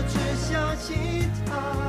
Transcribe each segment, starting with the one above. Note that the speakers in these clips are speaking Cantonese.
我只相信他。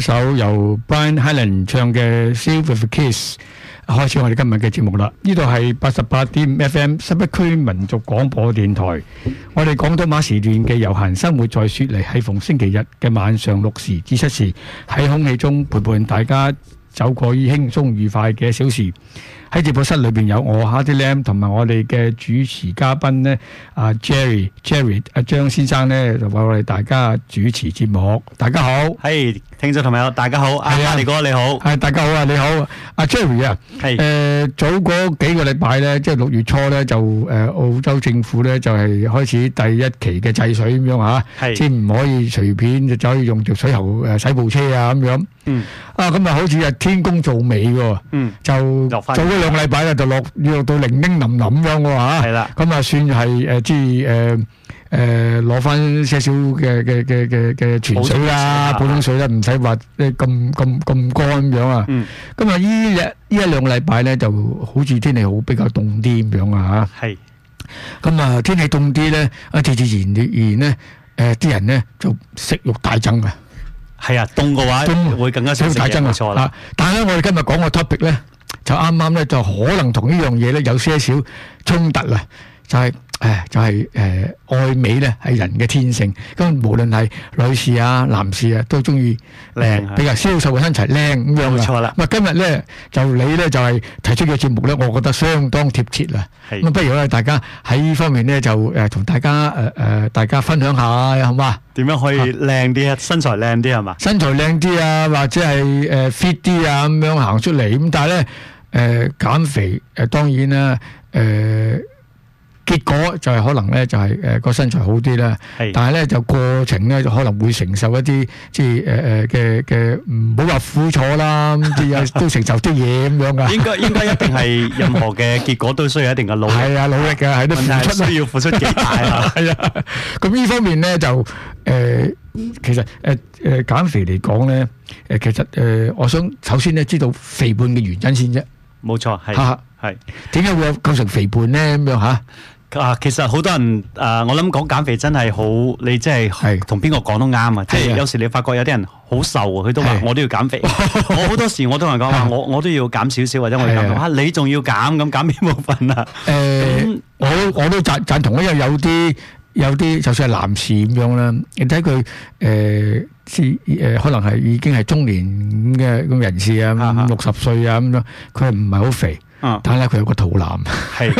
一首由 Brian Helan 唱嘅《Silhouette Kiss》開始，我哋今日嘅節目啦。呢度係八十八點五 FM 十一區民族廣播電台。我哋廣東話時段嘅悠閒生活，在雪梨係逢星期日嘅晚上六時至七時喺空氣中陪伴大家走過呢輕鬆愉快嘅一小時。喺直播室裏邊有我 Hardi Lam 同埋我哋嘅主持嘉賓咧，阿 Jerry、Jerry 阿張先生咧，就為我哋大家主持節目。大家好，係。聽眾同朋友大家好，阿李、啊、哥你好、啊，大家好啊，你好，阿 Jerry 啊，係是，誒、呃，早嗰幾個禮拜咧，即係六月初咧就誒，澳洲政府咧就係開始第一期嘅制水咁樣吓，先唔是可以隨便就可以用條水喉誒洗部車啊咁樣，嗯，啊咁啊好似啊天公造美嘅，嗯，就早咗兩個禮拜啊就落落到零零淋淋咁樣嘅吓，係啦的，咁、嗯、啊就算係誒即係誒。呃呃呃呃誒攞翻些少嘅嘅嘅嘅嘅泉水啦，普通水啦，唔使話咧咁咁咁乾咁樣啊。咁啊，依日依一兩個禮拜咧，就好似天氣好比較凍啲咁樣啊嚇。係。咁啊，天氣凍啲咧，自自然然咧，誒啲人咧就食慾大增啊。係啊，凍嘅話會更加食慾大增啊。錯啦。但係咧，我哋今日講個 topic 咧，就啱啱咧就可能同呢樣嘢咧有些少衝突啦。就係、是、誒，就係、是、誒、呃，愛美咧係人嘅天性，咁無論係女士啊、男士啊，都中意誒，呃、是比較消瘦嘅身材靚咁樣啦。冇錯啦。咁啊，今日咧就你咧就係、是、提出嘅節目咧，我覺得相當貼切啦。咁是不如咧，大家喺呢方面咧就誒，同大家誒誒，大家分享下好嘛？點樣可以靚啲啊？身材靚啲係嘛？身材靚啲啊，或者係誒 fit 啲啊，咁、呃、樣行出嚟。咁但係咧誒，減肥誒，當然啦誒。呃結果就係可能咧，就係誒個身材好啲啦，但係咧就過程咧就可能會承受一啲即係誒誒嘅嘅唔好話苦楚啦，即係都承受啲嘢咁樣噶。應該應該一定係任何嘅結果都需要一定嘅努力，係啊，努力嘅喺度付出都要付出幾大啊，係啊。咁呢方面咧就誒其實誒誒減肥嚟講咧誒其實誒我想首先咧知道肥胖嘅原因先啫，冇錯係係點解會有構成肥胖咧咁樣嚇？啊，其實好多人啊，我諗講減肥真係好，你是即係同邊個講都啱啊！即係有時你發覺有啲人好瘦啊，佢都話我都要減肥。是我好多時我都係講話，我的我都要減少少或者我減的啊，你仲要減咁減邊部分啊？誒、呃，嗯、我都我都贊贊同，因為有啲有啲就算係男士咁樣啦，你睇佢誒誒，可能係、呃、已經係中年嘅咁人士啊，六十歲啊咁樣，佢唔係好肥。嗯，睇下佢有個肚腩，係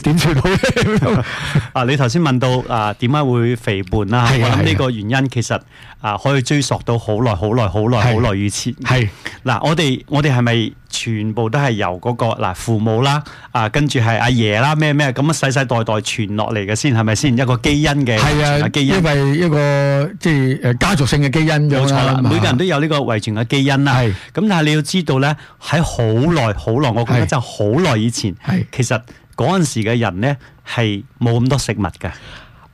點的 做到 啊，你頭先問到啊，點解會肥胖啦、啊？的我諗呢個原因其實啊，可以追溯到好耐、好耐、好耐、好耐以前。係嗱、啊，我哋我哋係咪？全部都係由嗰、那個嗱、啊、父母啦，啊跟住係阿爺啦咩咩咁啊世世代代傳落嚟嘅先係咪？先一個基因嘅，係啊，基因，因為一個即係誒家族性嘅基因，冇錯啦，每個人都有呢個遺傳嘅基因啦。係、啊，咁但係你要知道咧，喺好耐好耐，我覺得就好耐以前，係、啊、其實嗰陣時嘅人咧係冇咁多食物嘅。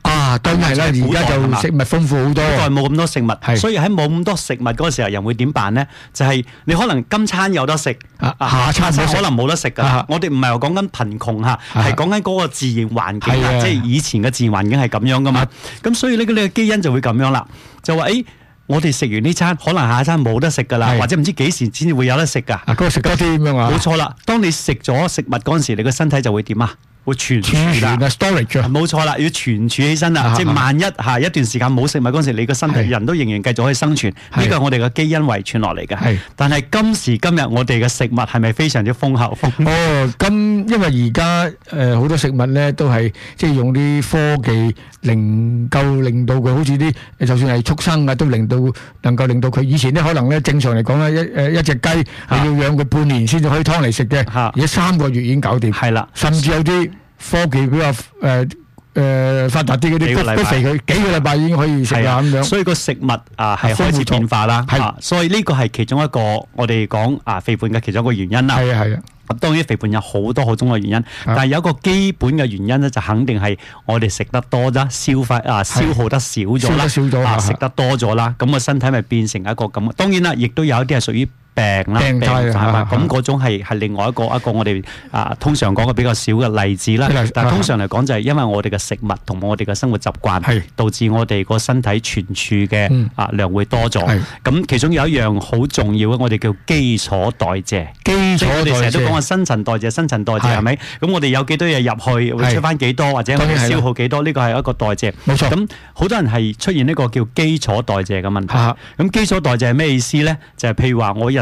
啊，梗係啦，而家就食物豐富好多，古代冇咁多食物，所以喺冇咁多食物嗰時候，人會點辦咧？就係你可能今餐有得食，下餐你可能冇得食噶。我哋唔係話講緊貧窮嚇，係講緊嗰個自然環境，即係以前嘅自然環境係咁樣噶嘛。咁所以呢個呢個基因就會咁樣啦，就話誒，我哋食完呢餐，可能下一餐冇得食噶啦，或者唔知幾時先至會有得食噶。嗰個食多啲咁樣啊，冇錯啦。當你食咗食物嗰陣時，你個身體就會點啊？會存儲啊，storage，冇錯啦，要存儲起身啦，啊、即係萬一嚇一段時間冇食物嗰陣時，你個身體人都仍然繼續可以生存，呢個的我哋嘅基因遺傳落嚟嘅。係的，但係今時今日我哋嘅食物係咪非常之豐厚？哦，咁因為而家誒好多食物咧都係即係用啲科技，能夠令到佢好似啲就算係畜生啊，都令到能夠令到佢以前呢，可能咧正常嚟講咧一誒一隻雞係要養個半年先至可以劏嚟食嘅，嚇的，而家三個月已經搞掂，係啦，甚至有啲。科技比較誒誒發達啲嗰啲，幾個禮拜幾個禮拜已經可以食啊咁樣。所以個食物啊係開始變化啦，係，所以呢個係其中一個我哋講啊肥胖嘅其中一個原因啦。係啊係啊，咁當然肥胖有好多好多種嘅原因，的但係有一個基本嘅原因咧，就肯定係我哋食得多啦，消化啊消耗得少咗啦，食得多咗啦，咁個身體咪變成一個咁。當然啦，亦都有一啲係屬於。病啦，就係嘛，咁嗰種係係另外一個一個我哋啊通常講嘅比較少嘅例子啦。但係通常嚟講就係因為我哋嘅食物同埋我哋嘅生活習慣，導致我哋個身體存儲嘅啊量會多咗。咁其中有一樣好重要嘅，我哋叫基礎代謝。基礎代謝，我哋成日都講個新陳代謝，新陳代謝係咪？咁我哋有幾多嘢入去會出翻幾多，或者消耗幾多？呢個係一個代謝。冇錯。咁好多人係出現呢個叫基礎代謝嘅問題。咁基礎代謝係咩意思咧？就係譬如話我一。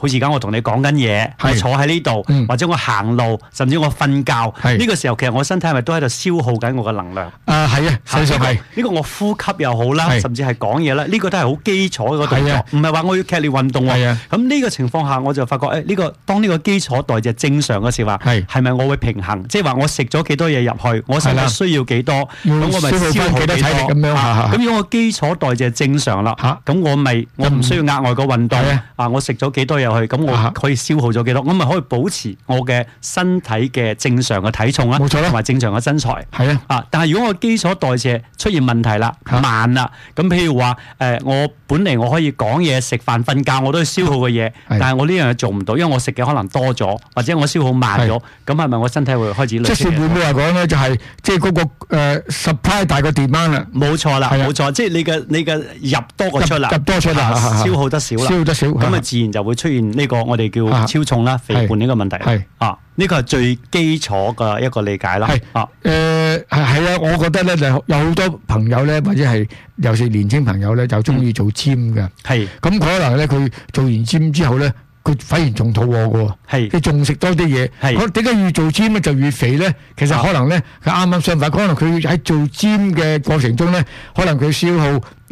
好似而家我同你講緊嘢，我坐喺呢度，或者我行路，甚至我瞓覺，呢個時候其實我身體係咪都喺度消耗緊我嘅能量？誒係啊，所以呢個我呼吸又好啦，甚至係講嘢啦，呢個都係好基礎嗰個。係啊，唔係話我要劇烈運動啊。咁呢個情況下我就發覺誒呢個當呢個基礎代謝正常嘅時話係咪我會平衡？即係話我食咗幾多嘢入去，我實際需要幾多？咁我咪消耗幾多體力咁樣咁如果我基礎代謝正常啦嚇，咁我咪我唔需要額外個運動啊！我食咗幾多嘢？去咁我可以消耗咗幾多？咁咪可以保持我嘅身體嘅正常嘅體重啦，冇錯啦，同埋正常嘅身材。係啊，啊！但係如果我基礎代謝出現問題啦，慢啦，咁譬如話誒，我本嚟我可以講嘢、食飯、瞓覺，我都要消耗嘅嘢，但係我呢樣嘢做唔到，因為我食嘅可能多咗，或者我消耗慢咗，咁係咪我身體會開始累？即是換句話講咧，就係即係嗰個 supply 大過 demand 啦。冇錯啦，冇錯，即係你嘅你嘅入多過出啦，入多出啦，消耗得少啦，消耗得少，咁啊自然就會出現。呢個我哋叫超重啦，肥胖呢、啊、個問題係是啊，呢、這個係最基礎嘅一個理解啦。係是啊，誒係、呃、啊，我覺得咧有有好多朋友咧，或者係尤其年青朋友咧，就中意做 gym 嘅係，咁是可能咧佢做完 gym 之後咧。佢反而仲肚餓嘅喎，佢仲食多啲嘢。我點解越做 gym 咧就越肥咧？其實可能咧，佢啱啱相反。可能佢喺做 gym 嘅過程中咧，可能佢消耗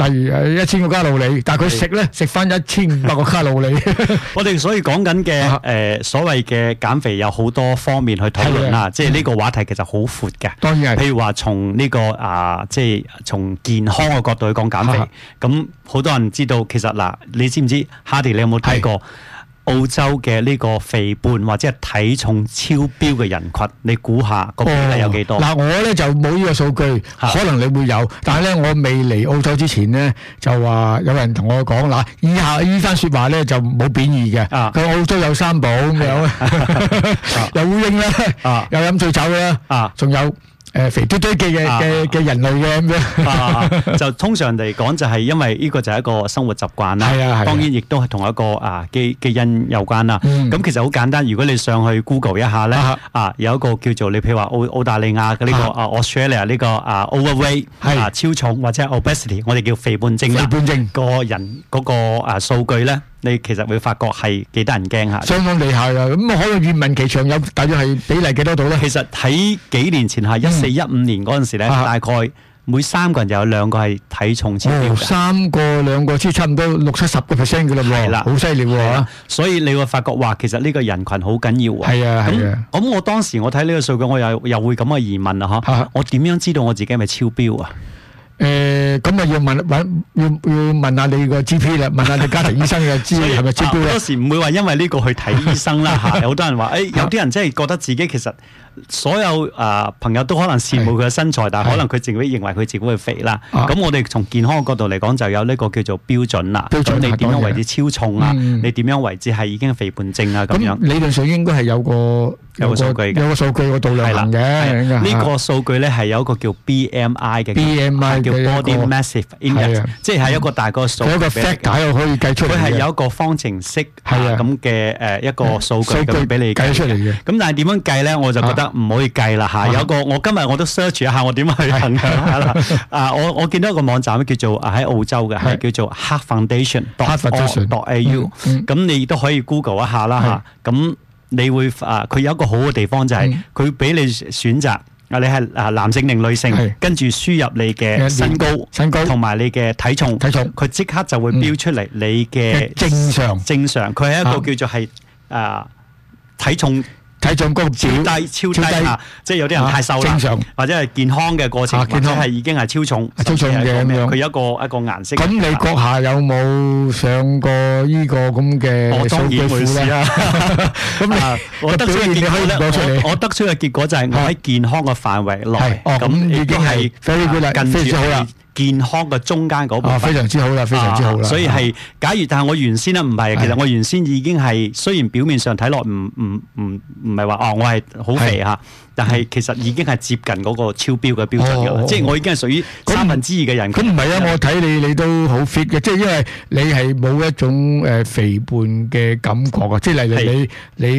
例如一千個卡路里，但係佢食咧食翻一千五百個卡路里。我哋所以講緊嘅誒所謂嘅減肥有好多方面去討論啦，即係呢個話題其實好闊嘅。當然係，譬如話從呢個啊，即係從健康嘅角度去講減肥，咁好多人知道其實嗱，你知唔知 Hardi，你有冇睇過？澳洲嘅呢個肥胖或者係體重超標嘅人群，你估下個比例有幾多？嗱、哦，我咧就冇呢個數據，啊、可能你會有。但係咧，我未嚟澳洲之前咧，就話有人同我講：嗱，以下呢番説話咧就冇貶義嘅。啊，佢澳洲有三寶咁樣，有烏蠅咧，有飲、啊、醉酒啦，仲、啊啊、有。誒，肥嘟嘟嘅嘅嘅人類嘅咁樣，就通常嚟講就係因為呢個就係一個生活習慣啦。係啊，係。當然亦都係同一個啊基基因有關啦。咁其實好簡單，如果你上去 Google 一下咧，啊有一個叫做你譬如話澳澳大利亞嘅呢個啊 Australia 呢個啊 Overweight 係啊超重，或者 obesity，我哋叫肥胖症啦。肥胖症個人嗰個啊數據咧。你其實會發覺係幾得人驚嚇，相當厲害啦。咁可以願聞其詳，有大約係比例幾多度咧？其實喺幾年前係一四一五年嗰陣時咧，大概每三個人就有兩個係體重超標。三個兩個之差唔多六七十個 percent 嘅啦，係啦，好犀利喎，所以你會發覺話其實呢個人羣好緊要啊。係啊，係啊。咁我當時我睇呢個數據，我又又會咁嘅疑問啦，嚇，我點樣知道我自己係咪超標啊？誒咁啊，要問問要要問下你個 GP 啦，問下你家庭醫生嘅知係咪 GP 咧？好、啊、多時唔會話因為呢個去睇醫生啦，嚇、 欸！有好多人話，誒有啲人真係覺得自己其實。所有啊朋友都可能羨慕佢嘅身材，但係可能佢自己認為佢自己會肥啦。咁我哋從健康角度嚟講，就有呢個叫做標準啦。標準係點樣為之超重啊？你點樣為之係已經肥胖症啊？咁樣理論上應該係有個有個數據，有個數據個度量衡嘅。呢個數據咧係有一個叫 B M I 嘅，B M I 叫 Body Mass Index，即係一個大個數。嗰個 fat 解又可以計出嚟。佢係有一個方程式係咁嘅，誒一個數據咁俾你計出嚟嘅。咁但係點樣計咧？我就覺得。唔可以計啦，吓，有個我今日我都 search 一下我點去衡量下啦。啊，我我見到一個網站叫做喺澳洲嘅，係叫做 Heart Foundation dot au。咁你都可以 Google 一下啦，吓。咁你會啊，佢有一個好嘅地方就係，佢俾你選擇啊，你係啊男性定女性，跟住輸入你嘅身高、身高同埋你嘅體重、體重，佢即刻就會標出嚟你嘅正常、正常。佢係一個叫做係啊體重。體重高、超低超低，即係有啲人太瘦啦，或者係健康嘅過程，健康係已經係超重，超重嘅咁樣。佢一個一個顏色。咁你閣下有冇上過呢個咁嘅？我中意類似咁你我得出嘅結果咧？我得出嘅結果就係我喺健康嘅範圍內。係哦，咁已經係 very good 啦，非常之好啦。健康嘅中間嗰部分非常之好啦，非常之好啦。所以係假如，但係我原先咧唔係，其實我原先已經係雖然表面上睇落唔唔唔唔係話哦，我係好肥吓，但係其實已經係接近嗰個超標嘅標準嘅，即係我已經係屬於三分之二嘅人。咁唔係啊，我睇你你都好 fit 嘅，即係因為你係冇一種誒肥胖嘅感覺啊，即係例如你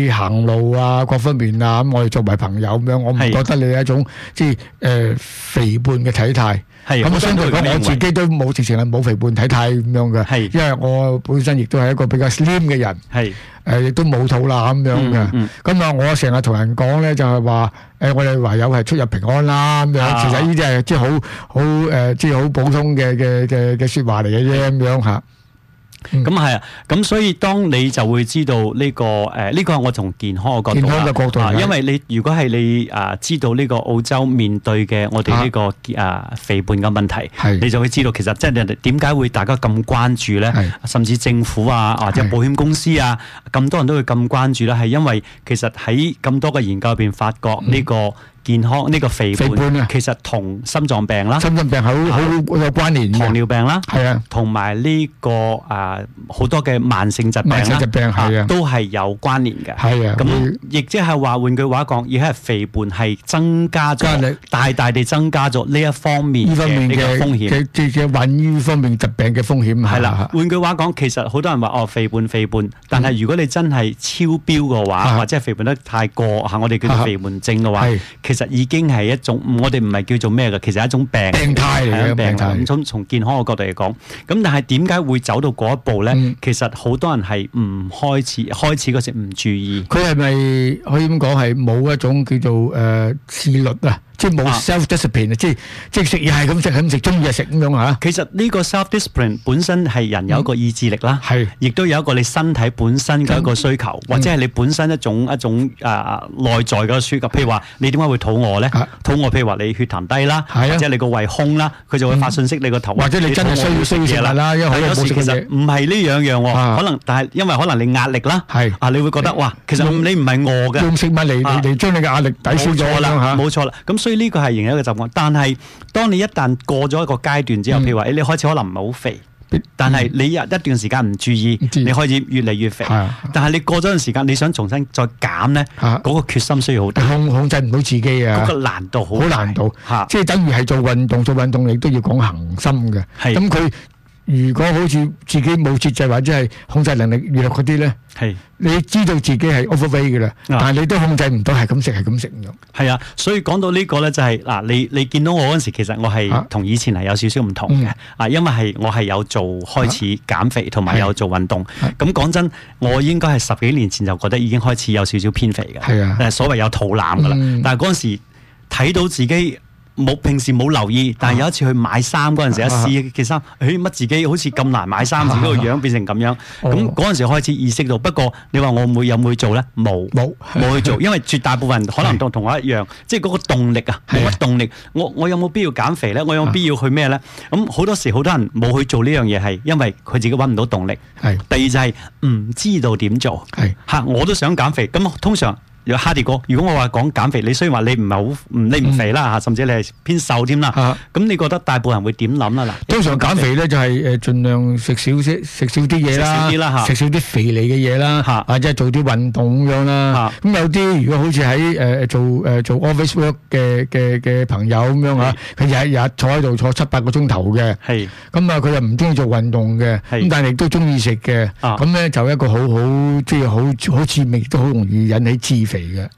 你行路啊，各方面啊咁，我哋作為朋友咁樣，我唔覺得你係一種即係誒肥胖嘅體態。咁我相對嚟講，我自己都冇直情係冇肥胖體態咁樣嘅，是因為我本身亦都係一個比較 Slim 嘅人，誒亦是、呃、都冇肚腩咁樣嘅。咁啊、嗯嗯就是呃，我成日同人講咧，就係話誒，我哋唯有係出入平安啦。咁樣，啊、其實呢啲係即係好好誒，即係好普通嘅嘅嘅嘅説話嚟嘅啫，咁樣嚇。咁係啊，咁所以當你就會知道呢、這個誒，呢個係我從健康嘅角度啦，啊、就是，因為你如果係你啊知道呢個澳洲面對嘅我哋呢個啊肥胖嘅問題，係、啊、你就會知道其實即係你哋點解會大家咁關注咧，是甚至政府啊或者保險公司啊咁是多人都會咁關注咧，係因為其實喺咁多嘅研究入邊發覺呢、這個。嗯健康呢個肥胖其實同心臟病啦，心臟病好好有關聯，糖尿病啦，係啊，同埋呢個誒好多嘅慢性疾病啦，都係有關聯嘅。係啊，咁亦即係話換句話講，而家肥胖係增加咗大大地增加咗呢一方面嘅呢個風險嘅嘅患於方面疾病嘅風險係啦。換句話講，其實好多人話哦肥胖肥胖，但係如果你真係超標嘅話，或者係肥胖得太過嚇，我哋叫做肥胖症嘅話，其其實已經係一種，我哋唔係叫做咩噶，其實係一種病病態嚟嘅病態。咁從從健康嘅角度嚟講，咁但係點解會走到嗰一步咧？其實好多人係唔開始，嗯、開始嗰時唔注意。佢係咪可以咁講？係冇一種叫做誒自、呃、律啊？即係冇 self discipline，即係即食嘢係咁食，咁食中意食咁樣吓。其實呢個 self discipline 本身係人有一個意志力啦，亦都有一個你身體本身嘅一個需求，或者係你本身一種一種啊內在嘅一個需求。譬如話你點解會肚餓呢？肚餓，譬如話你血糖低啦，即係你個胃空啦，佢就會發信息你個頭。或者你真係需要食嘢啦，係咯，其實唔係呢兩樣，可能但係因為可能你壓力啦，你會覺得哇，其實你唔係餓嘅，用食物嚟嚟將你嘅壓力抵消咗啦，冇錯啦，咁。所以呢個係仍然一個習慣，但係當你一旦過咗一個階段之後，嗯、譬如話，誒，你開始可能唔係好肥，嗯、但係你一一段時間唔注意，嗯、你開始越嚟越肥。是但係你過咗段時間，你想重新再減呢，嗰是個決心需要好大，控控制唔到自己啊，嗰個難度好，好難度吓，是即係等於係做運動，做運動你都要講恆心嘅，咁佢是。如果好似自己冇節制或者係控制能力弱嗰啲咧，係是你知道自己係 overweight 嘅啦，嗎但係你都控制唔到，係咁食係咁食咁。係啊，所以講到呢個咧就係、是、嗱、啊，你你見到我嗰陣時，其實我係同以前係有少少唔同嘅啊，因為係我係有做開始減肥同埋、啊、有，有做運動。咁講嗎真，我應該係十幾年前就覺得已經開始有少少偏肥嘅，啊，所謂有肚腩嘅啦。嗎嗎但係嗰陣時睇到自己。冇平時冇留意，但係有一次去買衫嗰陣時，一試件衫，誒乜、哎，自己好似咁難買衫，自己個樣變成咁樣，咁嗰陣時開始意識到。不過你話我會有冇去做咧？冇冇冇去做，是的 因為絕大部分人可能是的 同同我一樣，即係嗰個動力啊，冇乜動力。我我有冇必要減肥咧？我有冇必要去咩咧？咁好多時好多人冇去做呢樣嘢，係因為佢自己搵唔到動力。係。是的 第二就係唔知道點做。係吓是的 我都想減肥，咁通常。Hardi 哥，如果我話講減肥，你雖然話你唔係好，唔你唔肥啦嚇，甚至你係偏瘦添啦，咁你覺得大部分人會點諗啦嗱？通常減肥咧就係誒，儘量食少食少啲嘢啦，食少啲啦食少啲肥膩嘅嘢啦，或者做啲運動咁樣啦。咁有啲如果好似喺誒做誒做 office work 嘅嘅嘅朋友咁樣嚇，佢日日坐喺度坐七八個鐘頭嘅，咁啊佢又唔中意做運動嘅，咁但係亦都中意食嘅，咁咧就一個好好即係好好似亦都好容易引起致肥。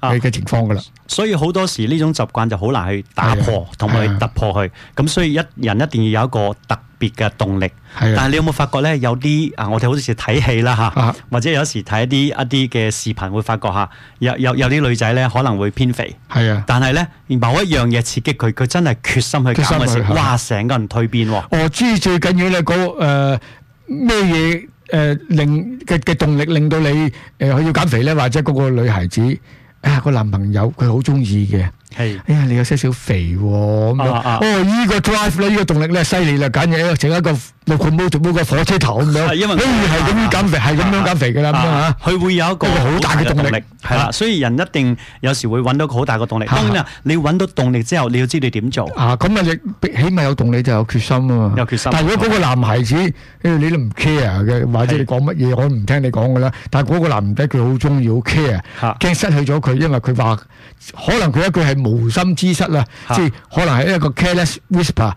嘅嘅情況噶啦，所以好多時呢種習慣就好難去打破同埋去突破佢。咁的所以一人一定要有一個特別嘅動力。係的但係你有冇發覺咧？有啲啊，我哋好似睇戲啦嚇，啊啊、或者有時睇一啲一啲嘅視頻，會發覺嚇有有有啲女仔咧，可能會偏肥。係啊的，但係咧某一樣嘢刺激佢，佢真係決心去減嘅時，哇！成個人蛻變喎。啊、我知最緊要你個誒咩嘢？呃誒、呃、令嘅嘅動力令到你誒去、呃、要減肥咧，或者嗰個女孩子啊個、哎、男朋友佢好中意嘅，係，是哎呀你有些少肥喎、哦，咁啊，啊，啊，哦呢、呢個 drive 咧，呢個動力咧犀利啦，簡直一個。佢冇做冇個火車頭咁樣，因為係咁樣減肥，係咁樣減肥噶啦咁啊，佢會有一個好大嘅動力，係啦，所以人一定有時會揾到好大個動力。當然啦，你揾到動力之後，你要知你點做。啊，咁啊你起碼有動力就有決心啊嘛，有決心。但係如果嗰個男孩子，誒你都唔 care 嘅，或者你講乜嘢我都唔聽你講噶啦。但係嗰個男仔佢好中意，好 care，驚失去咗佢，因為佢話可能佢一句係無心之失啦，即係可能係一個 careless whisper，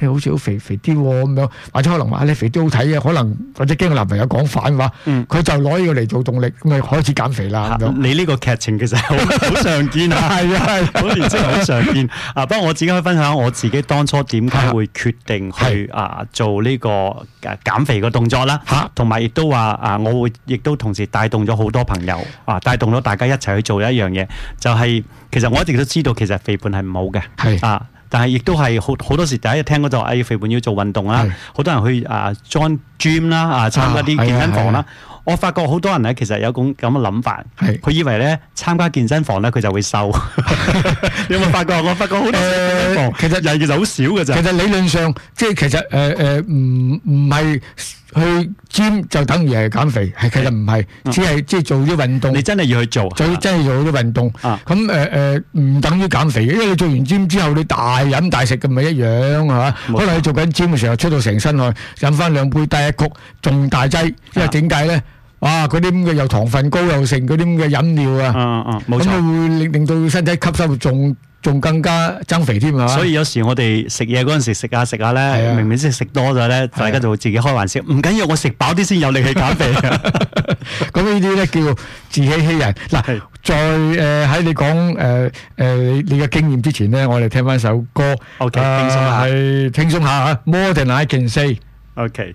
誒好似好肥肥啲咁樣，或者。可能話你肥都好睇嘅，可能或者驚我男朋友講反話，佢就攞呢個嚟做動力咁咪開始減肥啦。咁你呢個劇情其實好常見啊，係啊，好年青，好常見啊。不過我自己可以分享我自己當初點解會決定去啊做呢個減肥嘅動作啦，吓，同埋亦都話啊，我會亦都同時帶動咗好多朋友啊，帶動咗大家一齊去做一樣嘢，就係其實我一直都知道，其實肥胖係唔好嘅，係啊。但係亦都係好好多時，大家一聽嗰就話要肥胖要做運動啦，好的多人去啊 join gym 啦，啊參加啲健身房啦。我發覺好多人咧，其實有種咁嘅諗法，佢以為咧參加健身房咧佢就會瘦。你 有冇發覺？ 我發覺好，房，呃，其實人其實好少嘅咋。其實理論上，即係其實誒誒，唔唔係。呃呃去 gym 就等於係減肥，係其實唔係，嗯、只係即係做啲運動。你真係要去做，就真係做啲運動。咁誒誒，唔、呃呃、等於減肥，因為你做完 gym 之後，你大飲大食嘅咪一樣係嘛？錯可能你做緊 gym 嘅時候，出到成身汗，飲翻兩杯低一曲，仲大劑。因為點解咧？啊，嗰啲咁嘅又糖分高又剩，嗰啲咁嘅飲料啊，咁啊、嗯嗯嗯、會令令到身體吸收仲。仲更加增肥添，係嘛？所以有時我哋食嘢嗰陣時食下食下咧，明明先食多咗咧，大家就會自己開玩笑。唔緊要，我食飽啲先有力氣減肥啊！咁呢啲咧叫自欺欺人。嗱，再誒喺你講誒誒你嘅經驗之前咧，我哋聽翻首歌，OK，輕鬆下，輕鬆下嚇。Morning I can see。OK。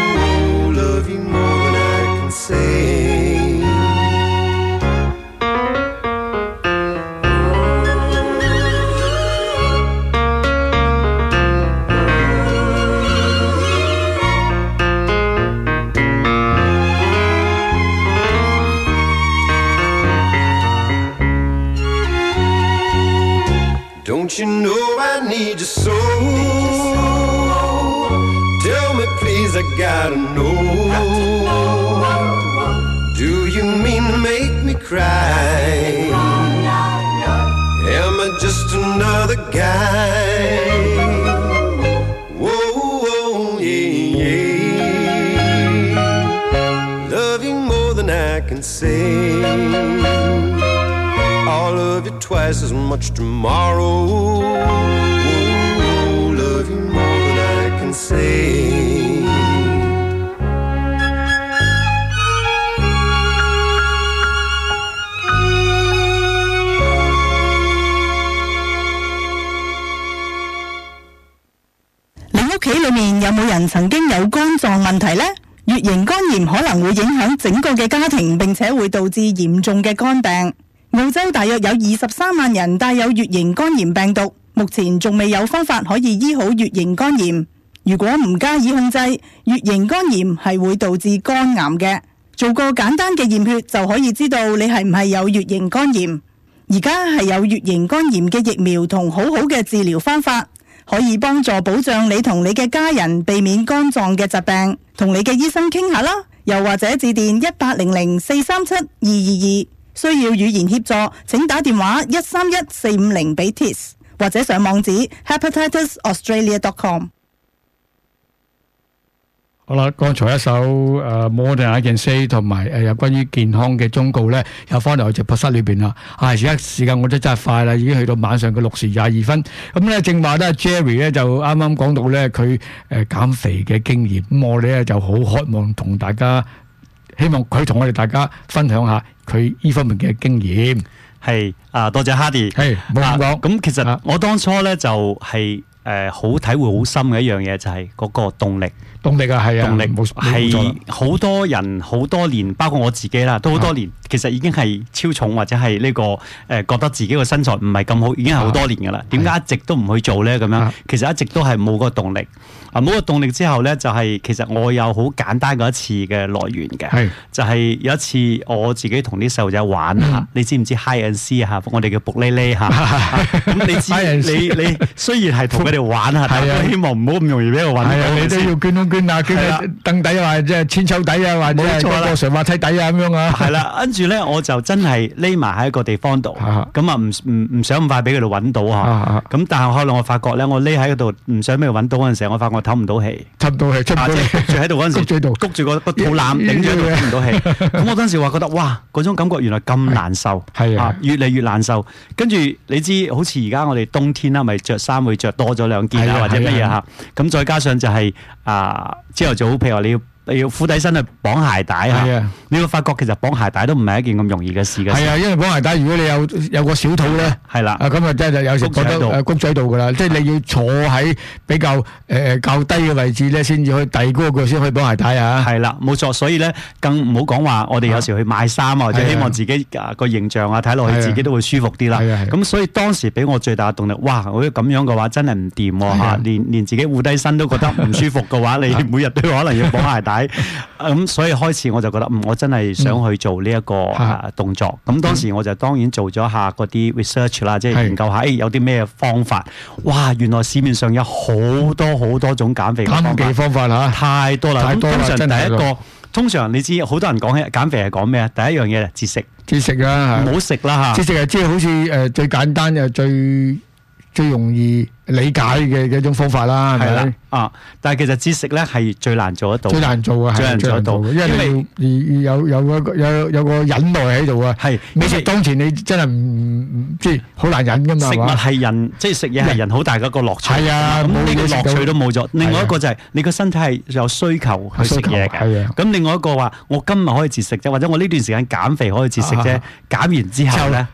型肝炎可能會影響整個嘅家庭，並且會導致嚴重嘅肝病。澳洲大約有二十三萬人帶有乙型肝炎病毒，目前仲未有方法可以醫好乙型肝炎。如果唔加以控制，乙型肝炎係會導致肝癌嘅。做個簡單嘅驗血就可以知道你係唔係有乙型肝炎？而家係有乙型肝炎嘅疫苗同好好嘅治療方法，可以幫助保障你同你嘅家人避免肝臟嘅疾病。同你嘅醫生傾下啦，又或者致電一八零零四三七二二二。需要語言協助，請打電話一三一四五零俾 TIS，或者上網址 hepatitisaustralia.com。好啦，剛才一首誒《More Than A Jinx》同埋誒有、呃、關於健康嘅忠告咧，又翻嚟我直播室裏邊啦。唉、哎，而家時間我真真係快啦，已經去到晚上嘅六時廿二分。咁、嗯、咧正話咧，Jerry 咧就啱啱講到咧佢誒減肥嘅經驗。咁、嗯、我哋咧就好渴望同大家，希望佢同我哋大家分享下佢呢方面嘅經驗。係啊，多謝 Hardi。係是，唔好咁講。咁、啊、其實我當初咧就係、是。誒、呃、好體會好深嘅一樣嘢就係、是、嗰個動力，動力啊，係啊，動力係好沒是多人好多年，包括我自己啦，都好多年，啊、其實已經係超重或者係呢、這個誒、呃、覺得自己個身材唔係咁好，已經係好多年㗎啦。點解、啊、一直都唔去做咧？咁樣、啊、其實一直都係冇個動力。冇、啊、個動力之後咧，就係、是、其實我有好簡單嗰一次嘅來源嘅，是就係有一次我自己同啲細路仔玩嚇、嗯啊 嗯，你知唔知 High and C 嚇？我哋叫卜哩哩嚇，咁你知你你雖然係同佢哋玩嚇， 希望唔好咁容易俾佢揾到你知都要捐窿捐，捐啊，捐凳底啊，即係穿秋底啊，或者過上或梯底啊咁樣啊。係啦，跟住咧我就真係匿埋喺一個地方度，咁啊唔唔唔想咁快俾佢哋揾到嚇。咁 但係後來我發覺咧，我匿喺嗰度唔想俾佢揾到嗰陣時我發覺。唞唔到氣，唞唔到氣，住喺度嗰陣時，谷住個肚腩頂住都唞唔到氣。咁我嗰陣時話覺得，哇，嗰種感覺原來咁難受，係啊，越嚟越難受。跟住你知，好似而家我哋冬天啦，咪着衫會着多咗兩件啊，或者乜嘢吓。咁再加上就係啊，朝頭早譬如話你要。你要褲底身去綁鞋帶，係啊，你會發覺其實綁鞋帶都唔係一件咁容易嘅事嘅。係啊，因為綁鞋帶如果你有有個小肚咧，係啦。咁啊，即係有時覺得骨仔度嘅啦，即係你要坐喺比較誒較低嘅位置咧，先至去以遞嗰個先可以綁鞋帶啊。係啦，冇錯，所以咧更唔好講話我哋有時去買衫啊，或者希望自己個形象啊，睇落去自己都會舒服啲啦。咁所以當時俾我最大嘅動力，哇！我覺得咁樣嘅話真係唔掂喎嚇，連連自己褲底身都覺得唔舒服嘅話，你每日都可能要綁鞋帶。咁、嗯嗯、所以開始我就覺得，嗯，我真係想去做呢、這、一個動作。咁、嗯啊、當時我就當然做咗下嗰啲 research 啦，即、就、係、是、研究下，是哎，有啲咩方法？哇，原來市面上有好多好多種減肥減肥方、嗯、方法啦，太多啦。太多通常第一個，通常你知好多人講起減肥係講咩啊？第一樣嘢節食，節食啦、啊，唔好食啦嚇。節食係即係好似誒、呃、最簡單又最。最容易理解嘅一種方法啦，係啦，啊！但係其實節食咧，係最難做得到，最難做啊，最難做得到，因為你有有有有個忍耐喺度啊。係，你當前你真係唔即係好難忍噶嘛？食物係人，即係食嘢係人好大嘅一個樂趣。係啊，咁你嘅樂趣都冇咗。另外一個就係你個身體係有需求去食嘢嘅。咁另外一個話，我今日可以節食啫，或者我呢段時間減肥可以節食啫，減完之後咧。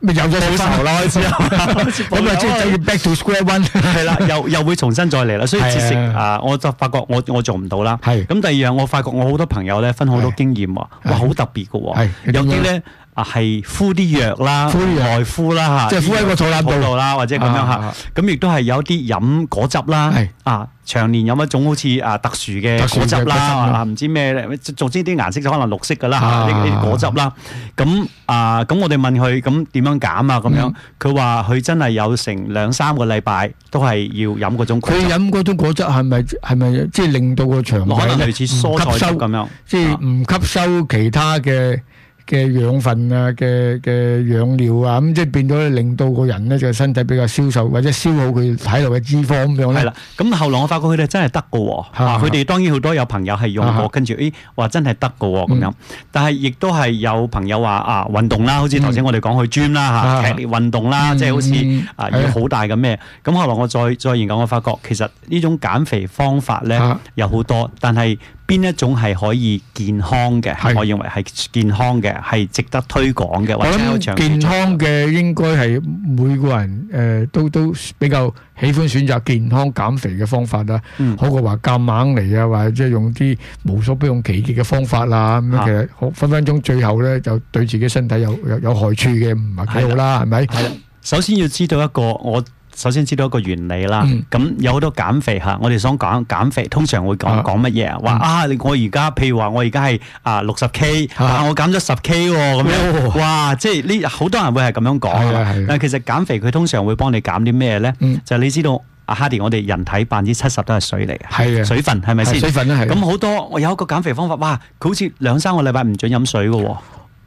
有咗好酬咯，開始咁啊，即係就要 back to square one。係啦，又又會重新再嚟啦。所以節食啊，我就發覺我我做唔到啦。係，咁第二樣，我發覺我好多朋友咧，分好多經驗喎。哇，好特別嘅喎，有啲咧。啊，係敷啲藥啦，敷外敷啦吓，即係敷喺個肚腩度啦，或者咁樣吓，咁亦都係有啲飲果汁啦，啊，常年飲一種好似啊特殊嘅果汁啦，啊，唔知咩，總之啲顏色就可能綠色噶啦吓，啲果汁啦，咁啊，咁我哋問佢咁點樣減啊，咁樣，佢話佢真係有成兩三個禮拜都係要飲嗰種，佢飲嗰種果汁係咪係咪即係令到個腸胃唔吸收咁樣，即係唔吸收其他嘅。嘅養分啊，嘅嘅養料啊，咁、嗯、即係變咗令到個人呢就身體比較消瘦，或者消耗佢體內嘅脂肪咁樣咧。係啦，咁後來我發覺佢哋真係得嘅喎，佢哋的當然好多有朋友係用過，的跟住誒話真係得嘅喎咁樣。但係亦都係有朋友話啊運動啦，好似頭先我哋講去 gym 啦嚇，劇烈運動啦，即係好似啊要好大嘅咩？咁後來我再再研究，我發覺其實呢種減肥方法咧有好多，但係，邊一種係可以健康嘅？我認為係健康嘅，係值得推廣嘅。或者健康嘅應該係每個人誒、呃、都都比較喜歡選擇健康減肥嘅方法啦，嗯、好過話咁硬嚟啊，或者用啲無所不用其極嘅方法啦咁樣。啊、其實分分鐘最後咧就對自己身體有有有害處嘅，唔係幾好啦，係咪、啊？係吧首先要知道一個我。首先知道一個原理啦，咁、嗯、有好多減肥嚇，我哋想講減肥通常會講講乜嘢？話啊，啊，我而家譬如話我而家係啊六十 K，我減咗十 K 喎、哦，咁、哦、樣哇，即係呢好多人會係咁樣講。但其實減肥佢通常會幫你減啲咩咧？嗯、就你知道啊 Hardi 我哋人體百分之七十都係水嚟嘅，水分係咪先？水分啦，係。咁好多我有一個減肥方法，哇！佢好似兩三個禮拜唔準飲水嘅喎，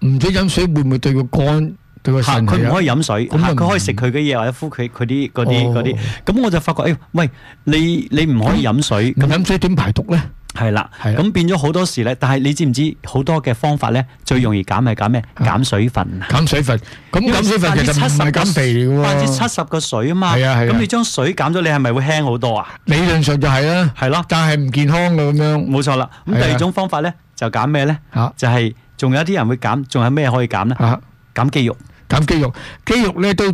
唔準飲水會唔會對個肝？吓，佢唔可以飲水，吓，佢可以食佢嘅嘢或者敷佢佢啲嗰啲嗰啲。咁我就發覺，誒，喂，你你唔可以飲水，唔飲水點排毒咧？係啦，係啦。咁變咗好多事咧。但係你知唔知好多嘅方法咧？最容易減係減咩？減水分。減水分。咁減水分其實唔係減肥，百分之七十嘅水啊嘛。係啊係。咁你將水減咗，你係咪會輕好多啊？理論上就係啦。係咯，但係唔健康嘅咁樣。冇錯啦。咁第二種方法咧就減咩咧？就係仲有啲人會減，仲有咩可以減咧？減肌肉。減肌肉，肌肉咧都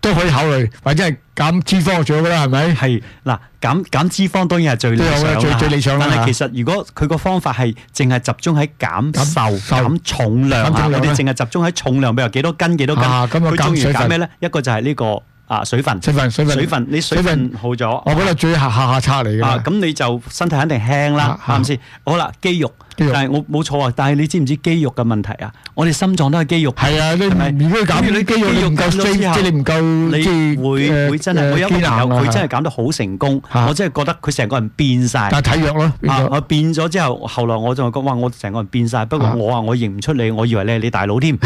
都可以考慮，或者係減脂肪最好噶啦，係咪？係嗱，減減脂肪當然係最都有嘅，最最理想啦。其實如果佢個方法係淨係集中喺減瘦、減重量，我哋淨係集中喺重量，比如幾多斤、幾多斤，佢仲要減咩咧？一個就係呢個啊水分，水分，水分，你水分好咗，我覺得最下下下策嚟嘅。啊，咁你就身體肯定輕啦，啱唔啱先？好啦，肌肉。但係我冇錯啊！但係你知唔知肌肉嘅問題啊？我哋心臟都係肌肉，係啊，係咪？如果佢肌肉唔夠，即你唔夠，你會會真係。我有一個朋友，佢真係減得好成功，我真係覺得佢成個人變晒。但係體弱咯，我變咗之後，後來我就係講，哇！我成個人變晒，不過我話我認唔出你，我以為你係你大佬添。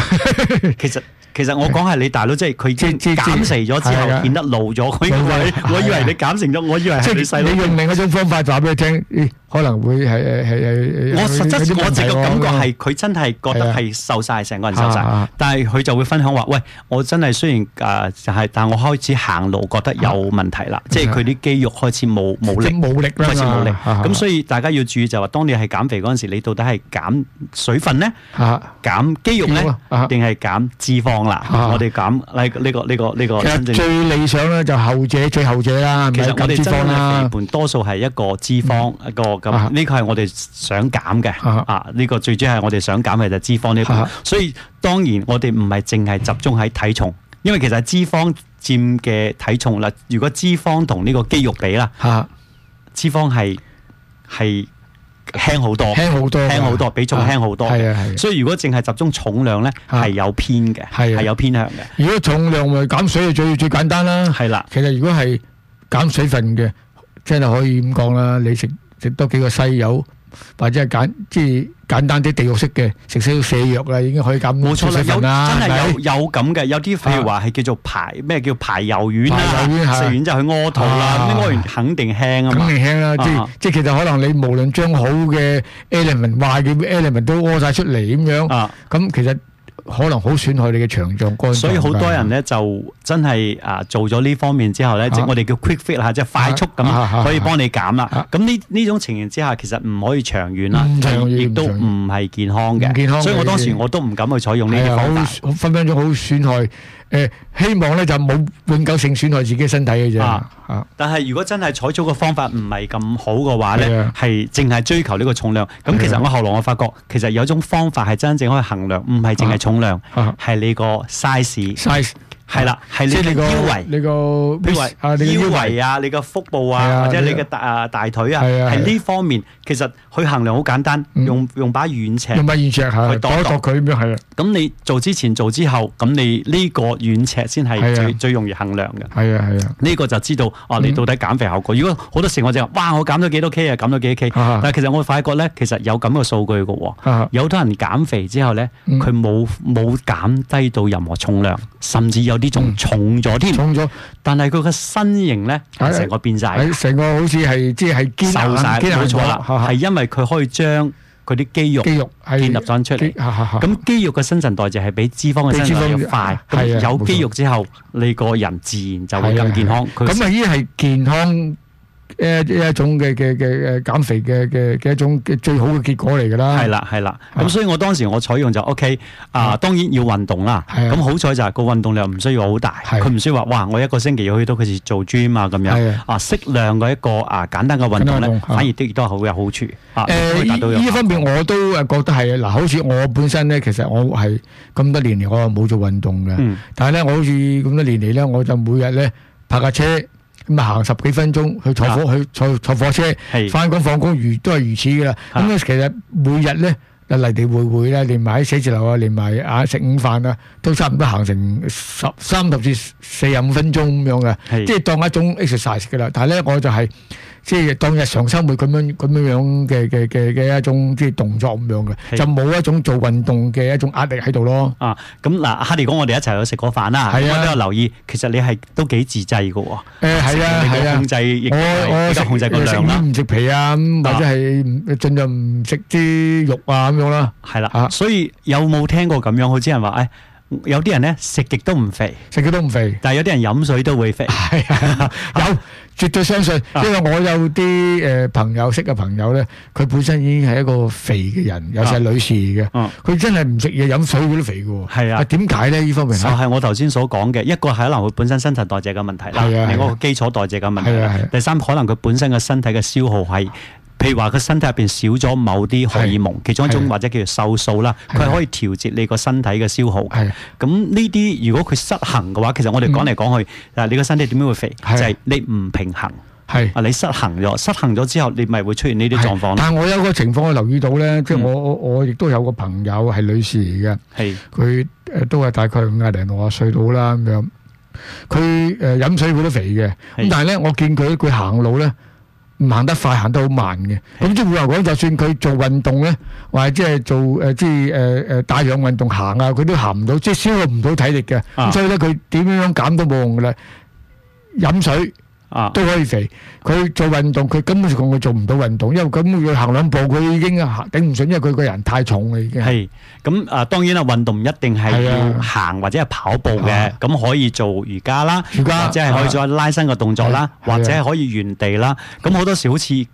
其實其實我講係你大佬，即係佢即係減肥咗之後變得老咗。佢以為我以為你減成咗，我以為即係你細佬用另一種方法話俾佢聽。可能會係係係，我實質我直嘅感覺係佢真係覺得係瘦晒，成個人瘦晒，但係佢就會分享話，喂，我真係雖然啊，就係，但係我開始行路覺得有問題啦，即係佢啲肌肉開始冇冇力，冇力啦嘛，開始冇力。咁所以大家要注意就話，當你係減肥嗰陣時，你到底係減水分呢？吓，減肌肉呢？定係減脂肪啦？我哋減呢呢個呢個呢個真正最理想咧，就後者最後者啦，係咪？其實我哋真正嘅肥胖多數係一個脂肪一個。咁呢個係我哋想減嘅，啊呢個、啊、最主要係我哋想減嘅就係、脂肪呢度，啊、所以當然我哋唔係淨係集中喺體重，因為其實脂肪佔嘅體重啦，如果脂肪同呢個肌肉比啦，脂肪係係輕好多，輕好多，輕好多、啊、多，比重輕好多，係啊係。啊啊所以如果淨係集中重量咧，係有偏嘅，係、啊啊啊、有偏向嘅。如果重量咪減水最最簡單啦，係啦、啊。啊、其實如果係減水分嘅，真係可以咁講啦，你食。食多幾個西柚，或者係簡即係簡單啲地獄式嘅食少少瀉藥啦，已經可以減冇出食飯啦，係真係有有咁嘅，有啲譬如話係叫做排咩叫排油丸啦，食完就去屙肚啦，咁屙完肯定輕啊，肯定輕啊，即係其實可能你無論將好嘅 element 壞嘅 element 都屙晒出嚟咁樣，咁其實。可能好損害你嘅腸臟肝，所以好多人咧就真係啊做咗呢方面之後咧，啊、即係我哋叫 quick fit 嚇，即係快速咁可以幫你減啦。咁呢呢種情形之下，其實唔可以長遠啦，亦都唔係健康嘅。健康，所以我當時我都唔敢去採用呢啲方法的，分分鐘好損害。誒、欸，希望咧就冇永久性損害自己身體嘅啫。啊啊、但係如果真係採取個方法唔係咁好嘅話咧，係淨係追求呢個重量。咁的其實我後來我發覺，其實有一種方法係真正可以衡量，唔係淨係重量，係、啊、你個 size。Size 係啦，係你腰圍，你個腰圍啊，你個腹部啊，或者你嘅大腿啊，係呢方面，其實去衡量好簡單，用用把軟尺，去度量佢咁樣係。咁你做之前做之後，咁你呢個軟尺先係最容易衡量嘅。係啊係啊，呢個就知道啊你到底減肥效果。如果好多時我就話，哇我減咗幾多 K 啊，減咗幾多 K，但係其實我發覺咧，其實有咁嘅數據嘅喎。有多人減肥之後咧，佢冇冇減低到任何重量，甚至有，啲仲重咗添，重咗，但係佢嘅身形咧，成個變晒，成個好似係即係健瘦晒，冇錯啦，係因為佢可以將佢啲肌肉建立咗出嚟，咁肌肉嘅新陳代謝係比脂肪嘅新陳代謝快，係啊，有肌肉之後，你個人自然就會更健康。咁啊，呢係健康。誒，一種嘅嘅嘅嘅減肥嘅嘅嘅一種最好嘅結果嚟噶啦，係啦係啦。咁所以我當時我採用就 OK 啊、呃，當然要運動啦。咁好彩就係個運動量唔需要好大，佢唔的需要話哇，我一個星期要去到佢做 gym 啊咁樣的啊，適量嘅一個啊簡單嘅運動咧，嗯、反而的亦都係好有好處。誒、啊，呢呢、呃呃、方面我都誒覺得係嗱，好似我本身咧，其實我係咁多年嚟，我冇做運動嘅，但係咧我好似咁多年嚟咧，我就每日咧泊架車。咁啊行十幾分鐘去坐火去坐坐火車，翻工放工如都係如此噶啦。咁啊其實每日咧，嚟嚟會會咧，連埋喺寫字樓啊，連埋啊食午飯啊，都差唔多行成十、三十至四十五分鐘咁樣嘅，即係當一種 exercise 噶啦。但係咧，我就係、是。即係當日常生活咁樣咁樣樣嘅嘅嘅嘅一種即係動作咁樣嘅，就冇一種做運動嘅一種壓力喺度咯。啊，咁嗱，阿哈利講我哋一齊去食過飯啦，我都有留意，其實你係都幾自制嘅。誒，係啊，係啊，控制，控制個量啦。唔食皮啊，或者係盡量唔食豬肉啊咁樣啦。係啦，所以有冇聽過咁樣？好似人話，誒，有啲人咧食極都唔肥，食極都唔肥，但係有啲人飲水都會肥。係啊，有。絕對相信，因為我有啲誒朋友識嘅朋友咧，佢本身已經係一個肥嘅人，有係女士嘅，佢真係唔食嘢飲水都肥嘅喎。係啊，點解咧？呢方面就係我頭先所講嘅，一個係可能佢本身新陳代謝嘅問題，嗱、啊，另一個基礎代謝嘅問題。啊、第三、啊、可能佢本身嘅身體嘅消耗係。譬如話，佢身體入邊少咗某啲荷爾蒙，其中一種或者叫做瘦素啦，佢可以調節你個身體嘅消耗。係，咁呢啲如果佢失衡嘅話，其實我哋講嚟講去，你個身體點樣會肥？就係你唔平衡，係你失衡咗，失衡咗之後，你咪會出現呢啲狀況。但係我有個情況我留意到咧，即係我我亦都有個朋友係女士嚟嘅，係佢都係大概五廿零六廿歲到啦咁樣，佢誒飲水會都肥嘅，咁但係咧我見佢佢行路咧。唔行得快，行得好慢嘅。咁即係話講，就算佢做運動咧，或者即係做誒即係誒誒帶氧運動行，行啊，佢都行唔到，即係消耗唔到體力嘅。所以咧，佢點樣減都冇用嘅啦。飲水。啊，都可以肥。佢做運動，佢根本就講佢做唔到運動，因為佢根本要行兩步，佢已經行頂唔順，因為佢個人太重啦已經。係，咁、呃、啊當然啦，運動唔一定係要行或者係跑步嘅，咁、啊、可以做瑜伽啦，瑜伽或者係可以做拉伸嘅動作啦，啊啊、或者係可以原地啦。咁好、啊啊、多時好似。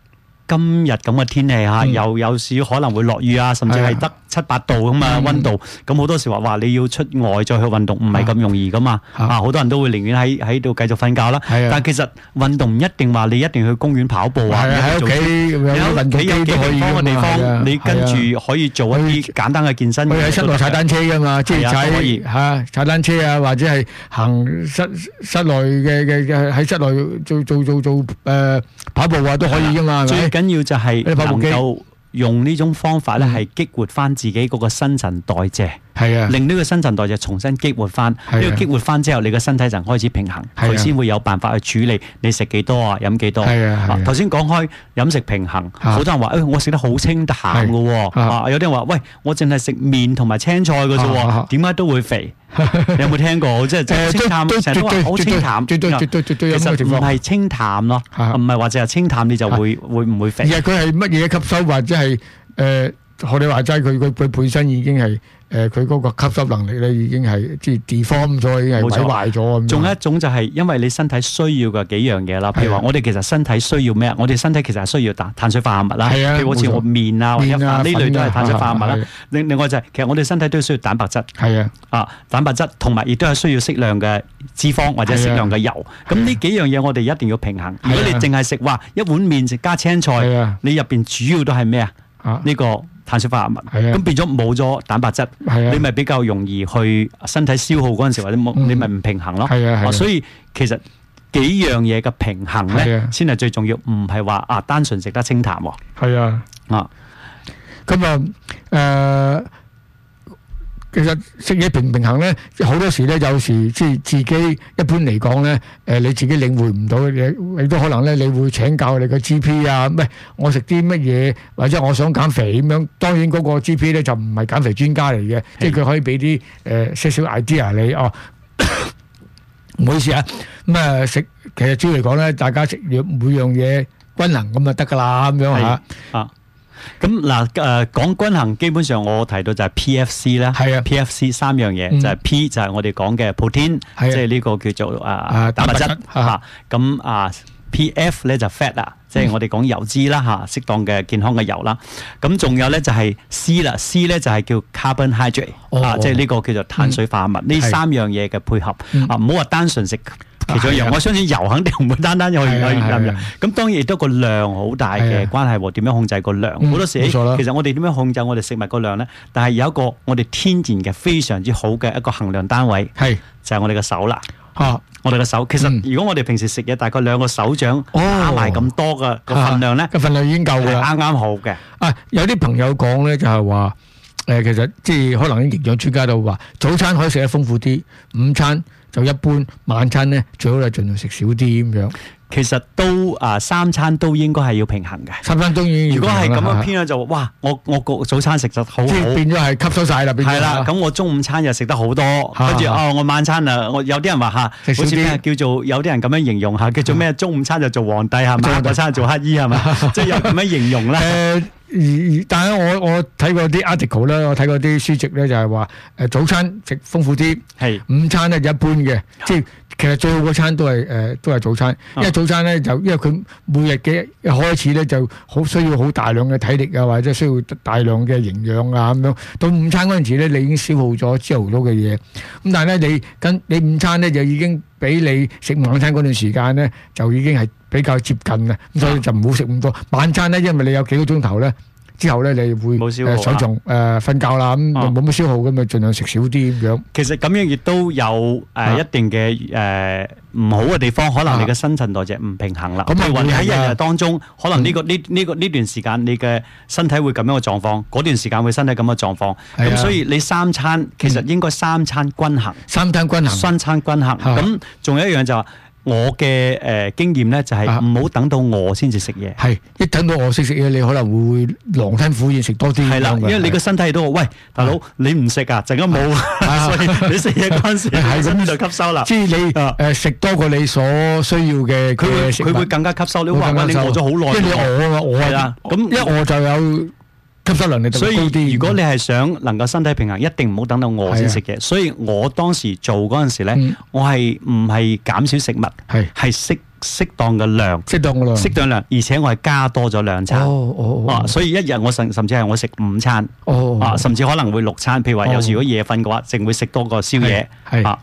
今日咁嘅天氣嚇，又有時可能會落雨啊，甚至係得七八度咁啊，溫度咁，好多時話話你要出外再去運動，唔係咁容易噶嘛。啊，好多人都會寧願喺喺度繼續瞓覺啦。係啊，但係其實運動唔一定話你一定要去公園跑步啊。係喺屋企，喺屋企有啲可以嘅地方，你跟住可以做一啲簡單嘅健身。可以喺室內踩單車㗎嘛？即係踩嚇踩單車啊，或者係行室室內嘅嘅嘅喺室內做做做做誒跑步啊，都可以㗎嘛？係咪？緊要就係能夠用呢種方法咧，係激活翻自己嗰個新陳代謝，係啊、嗯，令呢個新陳代謝重新激活翻。呢的個激活翻之後，你個身體就開始平衡，佢先的會有辦法去處理你食幾多啊，飲幾多。係啊，頭先講開飲食平衡，好的多人話，誒、哎，我食得好清淡噶，啊，有啲人話，喂，我淨係食麵同埋青菜噶啫，點解都會肥？ 你有冇聽過？即係 清，清淡，成個好清淡。其實唔係清淡咯，唔係話淨係清淡，你就會、啊、會唔會肥？其實佢係乜嘢吸收，或者係誒。呃我哋話齋，佢佢佢本身已經係誒，佢嗰個吸濕能力咧，已經係即係 deform 咗，已經係毀壞咗。冇錯。仲有一種就係，因為你身體需要嘅幾樣嘢啦。譬如話，我哋其實身體需要咩啊？我哋身體其實係需要碳碳水化合物啦。係啊。譬如好似我面啊，或者啊呢類都係碳水化合物啦。另另外就係，其實我哋身體都需要蛋白質。係啊。啊，蛋白質同埋亦都係需要適量嘅脂肪或者適量嘅油。咁呢幾樣嘢我哋一定要平衡。如果你淨係食話一碗麵食加青菜，你入邊主要都係咩啊？呢個。碳水化合物，咁的變咗冇咗蛋白質，的你咪比較容易去身體消耗嗰陣時，或者冇你咪唔平衡咯。係啊、哦，所以其實幾樣嘢嘅平衡咧，先係的最重要，唔係話啊單純食得清淡喎。的啊，啊，咁啊，誒。其實食嘢平唔平衡咧，好多時咧有時即係自己一般嚟講咧，誒、呃、你自己領會唔到嘅嘢，你都可能咧你會請教你個 G P 啊，唔係我食啲乜嘢，或者我想減肥咁樣，當然嗰個 G P 咧就唔係減肥專家嚟嘅，的即係佢可以俾啲誒些少、呃、idea 你哦。唔 好意思啊，咁、嗯、啊食其實主要嚟講咧，大家食每樣嘢均衡咁就得噶啦，咁樣吓啊。咁嗱誒講均衡，基本上我提到就係 PFC 啦，PFC 三樣嘢就係 P 就係我哋講嘅 protein，即係呢個叫做啊蛋白質嚇。咁啊 PF 咧就 fat 啦，即係我哋講油脂啦嚇，適當嘅健康嘅油啦。咁仲有咧就係 C 啦，C 咧就係叫 carbon hydrate 啊，即係呢個叫做碳水化合物。呢三樣嘢嘅配合啊，唔好話單純食。其中油，我相信油肯定唔會單單可以去諗啦。咁當然亦都個量好大嘅關係喎。點樣控制個量？好多時，其實我哋點樣控制我哋食物個量咧？但係有一個我哋天然嘅非常之好嘅一個衡量單位，係就係我哋嘅手啦。吓，我哋嘅手。其實如果我哋平時食嘢，大概兩個手掌加埋咁多嘅個份量咧，個份量已經夠嘅，啱啱好嘅。啊，有啲朋友講咧，就係話，誒，其實即係可能啲營養專家都話，早餐可以食得豐富啲，午餐。就一般晚餐咧，最好係盡量食少啲咁樣。其實都啊，三餐都應該係要平衡嘅。三餐當然如果係咁樣偏向，就哇，我我個早餐食就好，即係變咗係吸收晒啦。係啦，咁我中午餐又食得好多，跟住哦，我晚餐啊，我有啲人話吓，好似咩叫做有啲人咁樣形容吓，叫做咩？中午餐就做皇帝係嘛，下午餐做乞衣係嘛，即係有咁樣形容啦。而但係我我睇過啲 article 咧，我睇過啲書籍咧，就係話誒早餐食豐富啲，係是午餐咧就一般嘅，即係其實最好個餐都係誒、呃、都係早餐，因為早餐咧就因為佢每日嘅一開始咧就好需要好大量嘅體力啊，或者需要大量嘅營養啊咁樣。到午餐嗰陣時咧，你已經消耗咗朝頭早嘅嘢，咁但係咧你跟你午餐咧就已經。俾你食晚餐嗰段時間呢，就已經係比較接近嘞，所以就唔好食咁多晚餐呢，因為你有幾個鐘頭呢。之後咧你會誒上床誒瞓覺啦，咁冇乜消耗咁咪，盡量食少啲咁樣。其實咁樣亦都有誒一定嘅誒唔好嘅地方，可能你嘅新陳代謝唔平衡啦。咁譬如話，你喺一日當中，可能呢個呢呢個呢段時間你嘅身體會咁樣嘅狀況，嗰段時間會身體咁嘅狀況。咁所以你三餐其實應該三餐均衡，三餐均衡，三餐均衡。咁仲有一樣就。我嘅誒經驗咧，就係唔好等到餓先至食嘢。係，一等到餓先食嘢，你可能會狼吞虎咽食多啲。係啦，因為你個身體都好，喂，大佬，你唔食啊，陣間冇。所以你食嘢嗰陣時，喺身度吸收啦？即係你誒食多過你所需要嘅佢會佢會更加吸收。你會唔會你餓咗好耐？即係我我係啦，咁一餓就有。吸收能力都高啲。如果你係想能夠身體平衡，一定唔好等到餓先食嘢。啊、所以我當時做嗰陣時咧，嗯、我係唔係減少食物，係適適當嘅量，量，適當嘅量，適當量，而且我係加多咗兩餐。哦、oh, oh, oh, oh. 所以一日我甚甚至係我食五餐。哦。Oh, oh, oh, oh. 甚至可能會六餐，譬如話有時如果夜瞓嘅話，淨、oh, oh. 會食多個宵夜。係、oh, oh。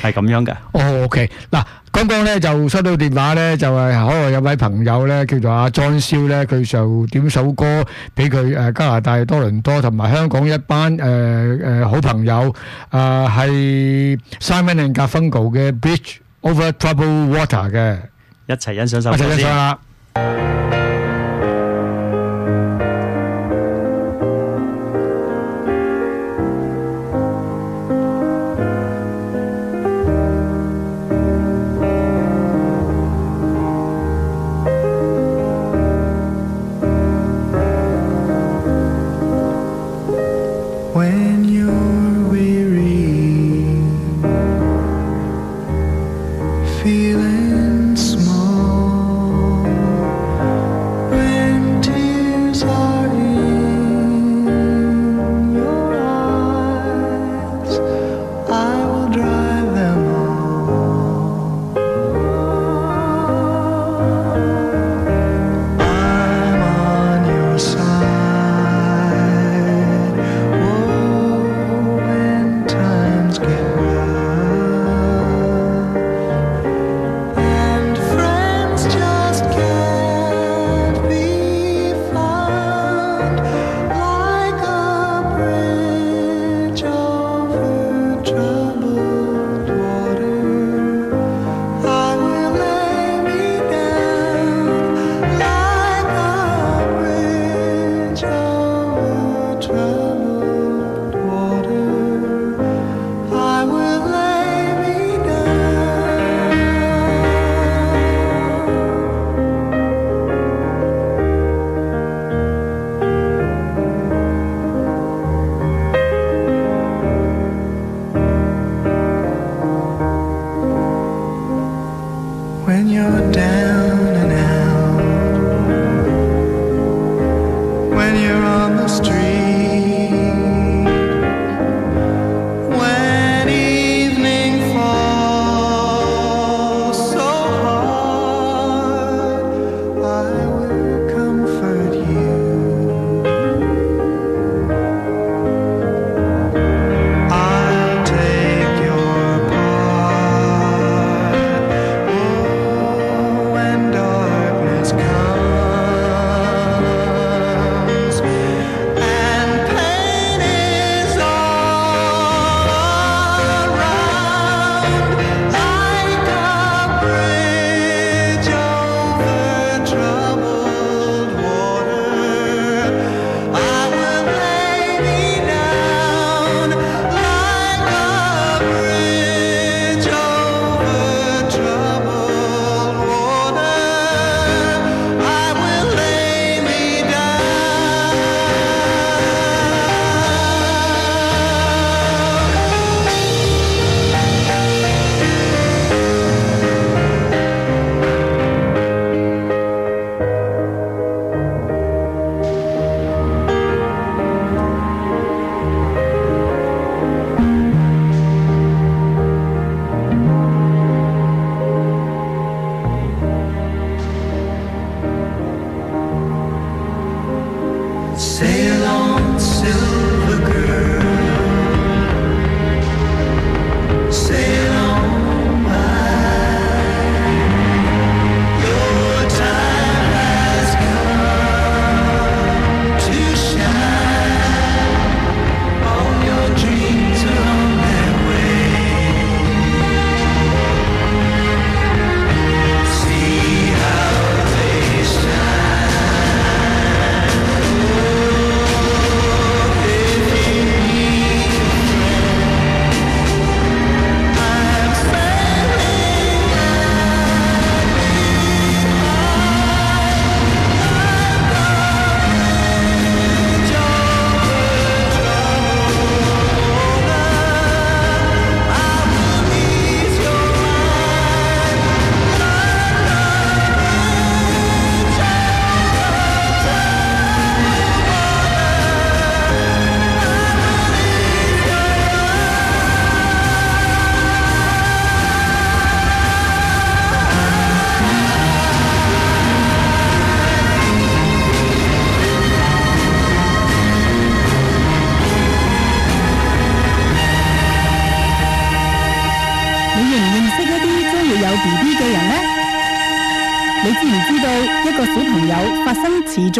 係咁樣嘅。哦，OK。嗱，剛剛咧就收到電話咧，就係可能有位朋友咧叫做阿莊少咧，佢就點首歌俾佢誒，加拿大多倫多同埋香港一班誒誒好朋友啊，係 Simon and Garfunkel 嘅《Bridge Over Troubled Water》嘅，一齊欣賞首歌啦。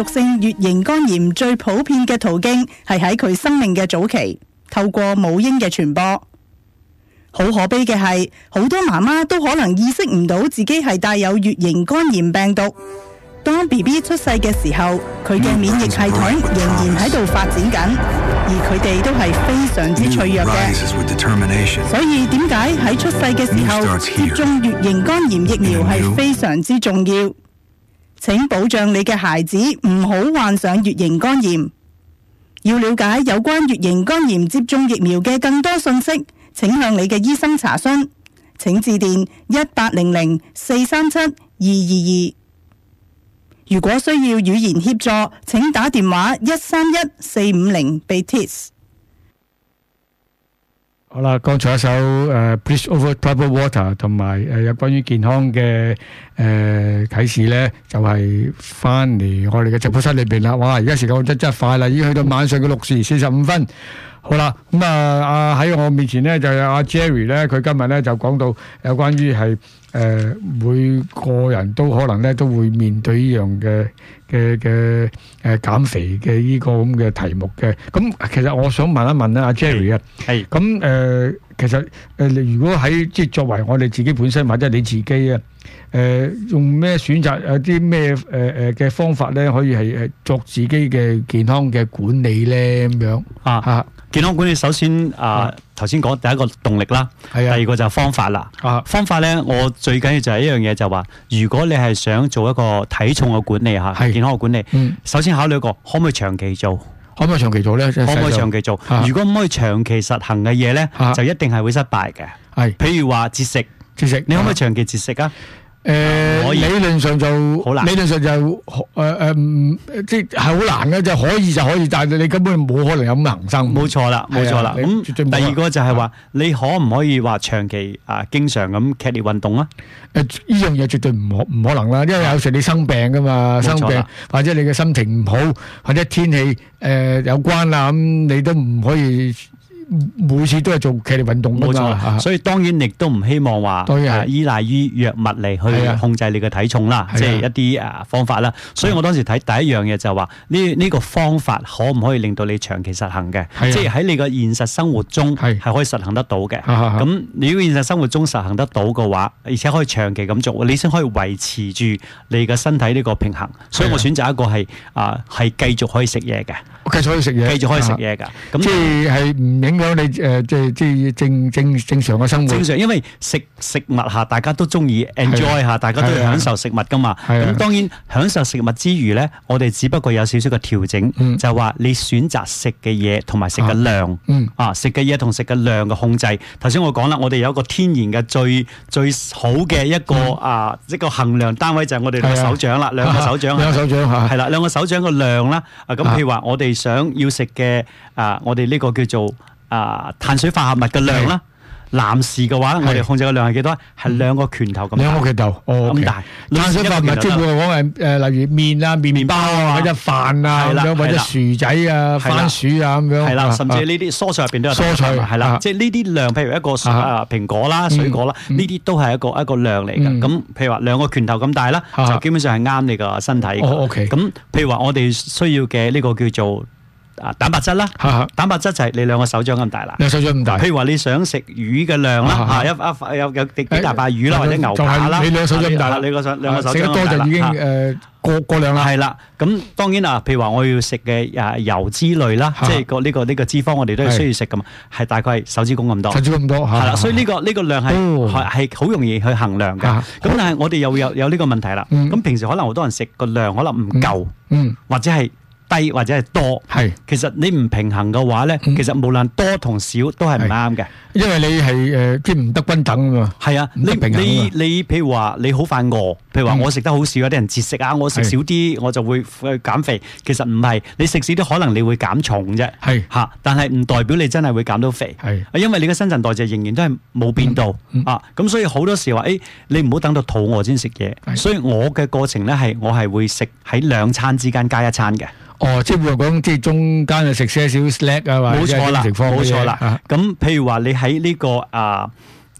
性乙型肝炎最普遍嘅途徑係喺佢生命嘅早期，透過母嬰嘅傳播。好可悲嘅係，好多媽媽都可能意識唔到自己係帶有乙型肝炎病毒。當 BB 出世嘅時候，佢嘅免疫系統仍然喺度發展緊，而佢哋都係非常之脆弱嘅。所以點解喺出世嘅時候，接種乙型肝炎疫苗係非常之重要？請保障你嘅孩子唔好患上乙型肝炎。要了解有關乙型肝炎接種疫苗嘅更多信息，請向你嘅醫生查詢。請致電一八零零四三七二二二。如果需要語言協助，請打電話一三一四五零。Beats。好啦，剛才一首誒《Bleach Over Purple Water》呃，同埋誒有關於健康嘅誒啟示咧，就係翻嚟我哋嘅直播室裏邊啦。哇！而家時間真真係快啦，已經去到晚上嘅六時四十五分。好啦，咁、嗯、啊，喺我面前咧就有阿、啊、Jerry 咧，佢今日咧就講到有關於係誒，每個人都可能咧都會面對呢樣嘅嘅嘅誒，呃、減肥嘅呢個咁嘅題目嘅。咁、嗯、其實我想問一問咧、啊，阿 Jerry 啊，係、嗯，咁、呃、誒。其實誒，你、呃、如果喺即係作為我哋自己本身或者你自己啊，誒、呃、用咩選擇有啲咩誒誒嘅方法咧，可以係誒作自己嘅健康嘅管理咧咁樣啊。哈哈，健康管理首先啊，頭先講第一個動力啦，啊、第二個就係方法啦。啊啊、方法咧，我最緊要就係一樣嘢就話，如果你係想做一個體重嘅管理吓、啊，健康嘅管理，嗯、首先考慮一個可唔可以長期做。可唔可以長期做咧？可唔可以長期做？啊、如果唔可以長期實行嘅嘢咧，啊、就一定係會失敗嘅。係，啊、譬如話節食，節食，你可唔可以長期節食啊？啊誒，理論上就，好難，理論上就，誒誒，即係好難嘅，就可以就可以，但係你根本冇可能有咁恆心，冇錯啦，冇錯啦。咁，第二個就係話，你可唔可以話長期啊，經常咁劇烈運動啊？誒，呢樣嘢絕對唔可唔可能啦，因為有時你生病噶嘛，生病或者你嘅心情唔好，或者天氣誒有關啦，咁你都唔可以。每次都係做劇烈運動嘛，冇錯，所以當然亦都唔希望話依賴於藥物嚟去控制你嘅體重啦，即係一啲啊方法啦。所以我當時睇第一樣嘢就係話呢呢個方法可唔可以令到你長期實行嘅，即係喺你嘅現實生活中係可以實行得到嘅。咁如果現實生活中實行得到嘅話，而且可以長期咁做，你先可以維持住你嘅身體呢個平衡。所以我選擇一個係啊係繼續可以食嘢嘅，繼續可以食嘢，繼續可以食嘢㗎。咁即係係唔你誒即係即係正正正常嘅生活，正常，因為食食物嚇，大家都中意 enjoy 下，大家都享受食物噶嘛。咁當然享受食物之餘咧，我哋只不過有少少嘅調整，就係話你選擇食嘅嘢同埋食嘅量，啊食嘅嘢同食嘅量嘅控制。頭先我講啦，我哋有一個天然嘅最最好嘅一個啊一個衡量單位就係我哋兩個手掌啦，兩個手掌，兩個手掌嚇，係啦，兩個手掌嘅量啦。咁譬如話我哋想要食嘅啊，我哋呢個叫做。啊，碳水化合物嘅量啦，男士嘅話我哋控制嘅量係幾多？係兩個拳頭咁。兩個拳頭哦咁大。碳水化合物即係話我誒，例如麵啊、麵麵包啊、或者飯啊、或者薯仔啊、番薯啊咁樣。係啦，甚至呢啲蔬菜入邊都有。蔬菜係啦，即係呢啲量，譬如一個啊蘋果啦、水果啦，呢啲都係一個一個量嚟嘅。咁譬如話兩個拳頭咁大啦，就基本上係啱你個身體。OK。咁譬如話我哋需要嘅呢個叫做。啊，蛋白質啦，蛋白質就係你兩個手掌咁大啦。兩手掌咁大。譬如話你想食魚嘅量啦，一一有有幾大塊魚啦，或者牛扒啦，你兩個手掌咁大啦，你個手兩個手掌大啦，食得多就已經誒過過量啦。係啦，咁當然啦，譬如話我要食嘅油脂類啦，即係個呢個呢個脂肪，我哋都係需要食噶嘛，係大概係手指公咁多，手指公咁多。係啦，所以呢個呢個量係係好容易去衡量嘅。咁但係我哋又有有呢個問題啦。咁平時可能好多人食個量可能唔夠，或者係。低或者係多，係其實你唔平衡嘅話咧，其實無論多同少都係唔啱嘅，因為你係誒即唔得均等，係啊，唔平衡你你譬如話你好快餓，譬如話我食得好少，有啲人節食啊，我食少啲，我就會去減肥。其實唔係，你食少啲可能你會減重啫，係吓，但係唔代表你真係會減到肥，係，因為你嘅新陳代謝仍然都係冇變到啊。咁所以好多時話誒，你唔好等到肚餓先食嘢。所以我嘅過程咧係我係會食喺兩餐之間加一餐嘅。哦，即係會講，即係中間啊食些少 snack 啊。冇錯啦冇錯啦，咁 譬如話你喺呢、這個啊、呃、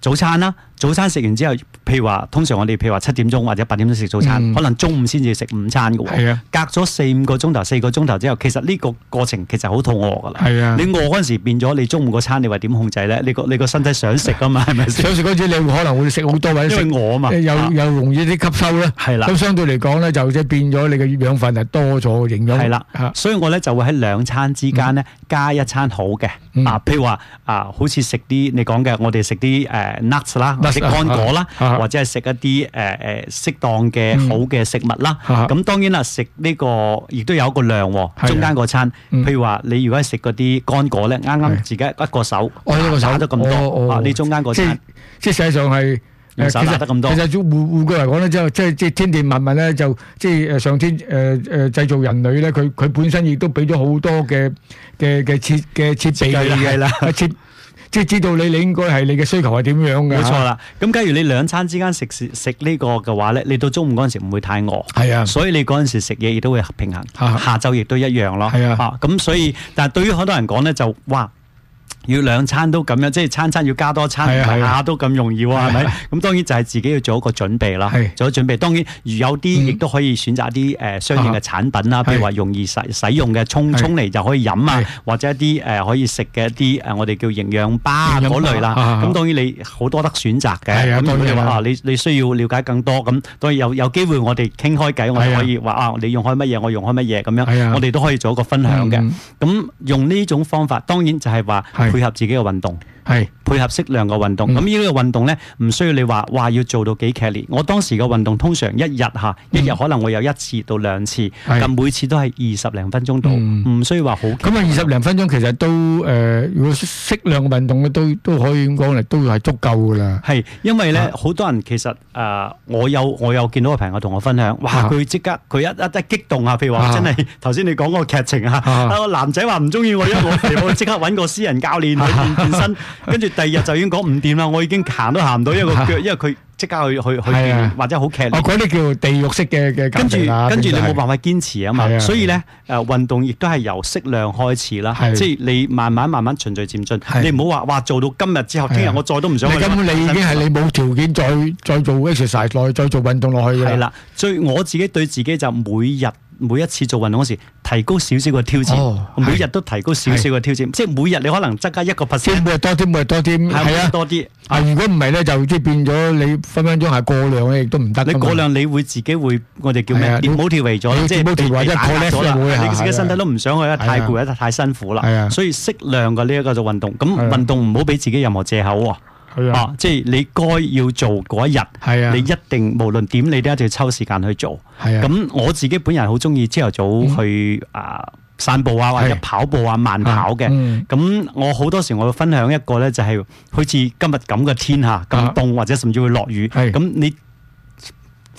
早餐啦。早餐食完之後，譬如話，通常我哋譬如話七點鐘或者八點鐘食早餐，可能中午先至食午餐嘅喎。係啊，隔咗四五個鐘頭，四個鐘頭之後，其實呢個過程其實好肚餓嘅啦。係啊，你餓嗰陣時變咗，你中午個餐你話點控制咧？你個你個身體想食啊嘛，係咪？想食嗰時，你可能會食好多，或者食餓啊嘛，又又容易啲吸收啦。係啦，咁相對嚟講咧，就即係變咗你嘅養分係多咗營養。係啦，所以我咧就會喺兩餐之間咧加一餐好嘅啊，譬如話啊，好似食啲你講嘅，我哋食啲誒 nuts 啦。食乾果啦，或者係食一啲誒誒適當嘅好嘅食物啦。咁當然啦，食呢個亦都有一個量喎。中間個餐，譬如話你如果係食嗰啲乾果咧，啱啱自己一個手打咗咁多，啊你中間個餐，即即實際上係兩手得咁多。其實總換換句嚟講咧，即係即係即係天地萬物咧，就即係誒上天誒誒製造人類咧，佢佢本身亦都俾咗好多嘅嘅嘅設嘅設備啦，設。即係知道你，你應該係你嘅需求係點樣嘅。冇錯啦，咁係、嗯、假如你兩餐之間食食呢個嘅話咧，你到中午嗰陣時唔會太餓。係啊，所以你嗰陣時食嘢亦都會平衡。啊、下晝亦都一樣咯。係啊，咁、啊、所以，但係對於好多人講咧，就哇。要兩餐都咁樣，即係餐餐要加多餐下都咁容易喎，係咪？咁當然就係自己要做一個準備啦。做準備當然如有啲亦都可以選擇一啲誒相應嘅產品啦，譬如話容易使使用嘅沖沖嚟就可以飲啊，或者一啲誒可以食嘅一啲誒我哋叫營養包嗰類啦。咁當然你好多得選擇嘅。咁如果你話啊，你你需要了解更多咁，當然有有機會我哋傾開偈，我哋可以話啊，你用開乜嘢，我用開乜嘢咁樣，我哋都可以做一個分享嘅。咁用呢種方法，當然就係話。配合自己嘅運動。係配合適量嘅運動，咁呢個運動咧，唔需要你話話要做到幾劇烈。我當時嘅運動通常一日吓，一日可能會有一次到兩次，咁每次都係二十零分鐘到。唔需要話好。咁啊，二十零分鐘其實都誒，如果適量嘅運動都都可以咁講嚟，都要係足夠噶啦。係，因為咧好多人其實誒，我有我有見到個朋友同我分享，哇！佢即刻佢一一一激動啊，譬如話真係頭先你講個劇情啊，啊男仔話唔中意我，因為我肥，即刻搵個私人教練去練健身。跟住 第二日就已經講唔掂啦，我已經行都行唔到，因個腳，因為佢即 刻去去去，或者好劇烈。我嗰啲叫地獄式嘅，嘅跟住跟住你冇辦法堅持啊嘛，所以咧誒運動亦都係由適量開始啦， 是的即係你慢慢慢慢循序漸進， 是的你唔好話話做到今日之後，聽日我再都唔想他他。你根 你已經係你冇條件再 再做 exercise，再做運動落去嘅。係啦 是的，所以我自己對自己就每日。每一次做運動嗰時，提高少少個挑戰，每日都提高少少個挑戰，即係每日你可能增加一個百分比，每日多啲，每日多啲，係啊，多啲。啊，如果唔係咧，就即係變咗你分分鐘係過量咧，亦都唔得。你過量，你會自己會，我哋叫咩？唔好調為咗，即係唔好調為一個叻咗，你自己身體都唔想去啊，太攰啊，太辛苦啦。所以適量嘅呢一個做運動，咁運動唔好俾自己任何借口喎。啊！即係你該要做嗰一日，啊、你一定無論點你都一定要抽時間去做。咁、啊、我自己本人好中意朝頭早去、嗯、啊散步啊或者跑步啊慢跑嘅。咁、啊嗯、我好多時我會分享一個咧就係好似今日咁嘅天吓咁凍或者甚至會落雨。咁、啊、你。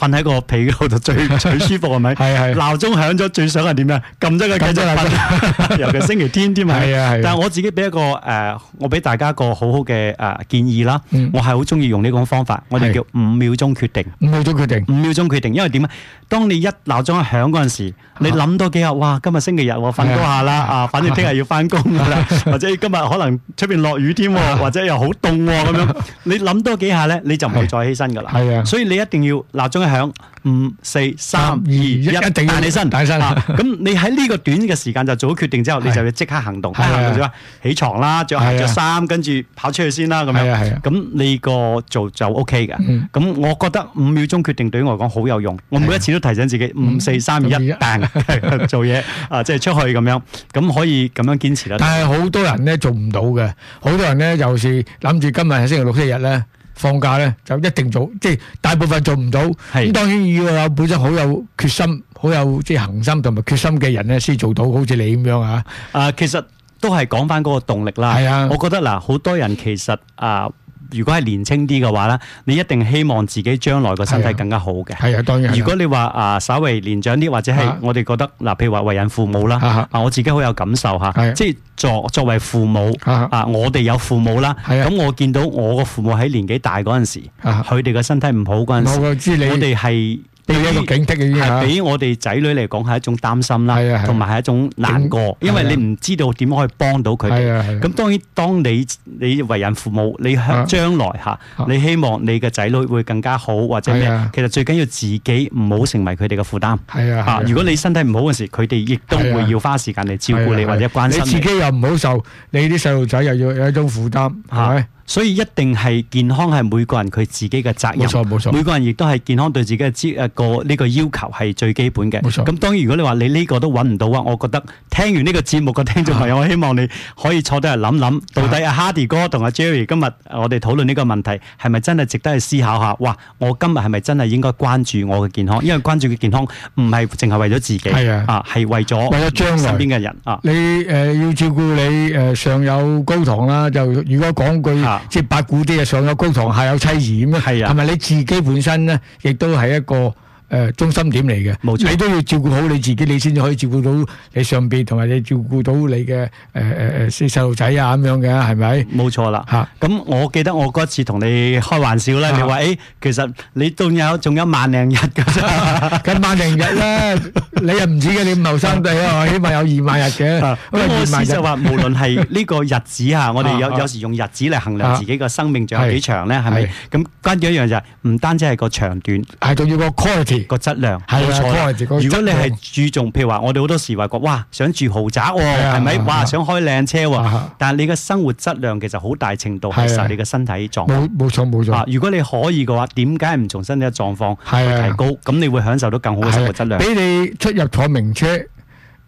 瞓喺個被度最最舒服係咪？係係。鬧鐘響咗最想係點樣？撳咗佢繼續瞓。尤其星期天添啊！係啊，但係我自己俾一個誒，我俾大家一個好好嘅誒建議啦。我係好中意用呢個方法，我哋叫五秒鐘決定。五秒鐘決定。五秒鐘決定，因為點啊？當你一鬧鐘一響嗰陣時，你諗多幾下，哇！今日星期日，我瞓多下啦啊！反正聽日要翻工噶啦，或者今日可能出邊落雨添，或者又好凍咁樣，你諗多幾下咧，你就唔會再起身噶啦。係啊。所以你一定要鬧鐘響五、四、三、二、一，彈，起身，起身。咁你喺呢個短嘅時間就做咗決定之後，你就要即刻行動，係起床啦，着鞋、着衫，跟住跑出去先啦，咁樣。係咁你個做就 OK 嘅。咁我覺得五秒鐘決定對於我嚟講好有用，我每一次都提醒自己五、四、三、二、一，彈做嘢啊，即係出去咁樣，咁可以咁樣堅持啦。但係好多人咧做唔到嘅，好多人咧又是諗住今日係星期六、星期日咧。放假咧就一定做，即係大部分做唔到。咁是的 當然要有本身好有決心、是的 好有即係恒心同埋決心嘅人咧，先做到。好似你咁樣啊，啊、呃，其實都係講翻嗰個動力啦。係啊，我覺得嗱，呃，好多人其實啊。呃如果係年輕啲嘅話咧，你一定希望自己將來個身體更加好嘅。係啊，啊，當然。如果你話啊，稍微年長啲或者係我哋覺得嗱，譬如話為人父母啦，啊，我自己好有感受嚇，啊、即係作作為父母啊，啊，我哋有父母啦，咁、啊、我見到我個父母喺年紀大嗰陣時，佢哋個身體唔好嗰陣時，我哋係。係警惕嘅嘢俾我哋仔女嚟講係一種擔心啦，同埋係一種難過，因為你唔知道點可以幫到佢哋。咁當然，當你你為人父母，你向將來嚇，你希望你嘅仔女會更加好或者咩？其實最緊要自己唔好成為佢哋嘅負擔。係啊，嚇！如果你身體唔好嘅時，佢哋亦都會要花時間嚟照顧你或者關心自己又唔好受，你啲細路仔又要有一種負擔。係。所以一定係健康係每個人佢自己嘅責任。冇錯，冇錯，每個人亦都係健康對自己嘅一個呢個要求係最基本嘅。冇錯錯。咁當然，如果你話你呢個都揾唔到啊，我覺得聽完呢個節目嘅聽眾朋友，啊、我希望你可以坐低嚟，諗諗，到底阿 Hardi 哥同阿 Jerry 今日我哋討論呢個問題係咪真係值得去思考下？哇！我今日係咪真係應該關注我嘅健康？因為關注嘅健康唔係淨係為咗自己，啊係、啊、為咗為咗將來身邊嘅人。啊，啊你誒、呃、要照顧你誒、呃、上有高堂啦，就如果講句。啊即係八股啲啊，上有高堂，下有妻兒咁樣啊，係啊，同埋你自己本身咧，亦都係一個。誒中心點嚟嘅，冇錯，你都要照顧好你自己，你先至可以照顧到你上邊，同埋你照顧到你嘅誒誒誒細細路仔啊咁樣嘅，係咪？冇錯啦。嚇，咁我記得我嗰次同你開玩笑啦，你話誒其實你仲有仲有萬零日㗎，梗係萬零日啦。你又唔止嘅，你五毫三倍啊，起碼有二萬日嘅。咁嘅意思就話，無論係呢個日子嚇，我哋有有時用日子嚟衡量自己個生命仲有幾長咧，係咪？咁關鍵一樣就係唔單止係個長短，係仲要個 quality。個質量係啦，如果你係注重，譬如話我哋好多時話講，哇想住豪宅喎，係咪？哇想開靚車喎，但係你嘅生活質量其實好大程度係受你嘅身體狀況。冇冇錯冇錯。如果你可以嘅話，點解唔從身體嘅狀況提高？咁你會享受到更好嘅生活質量。俾你出入坐名車，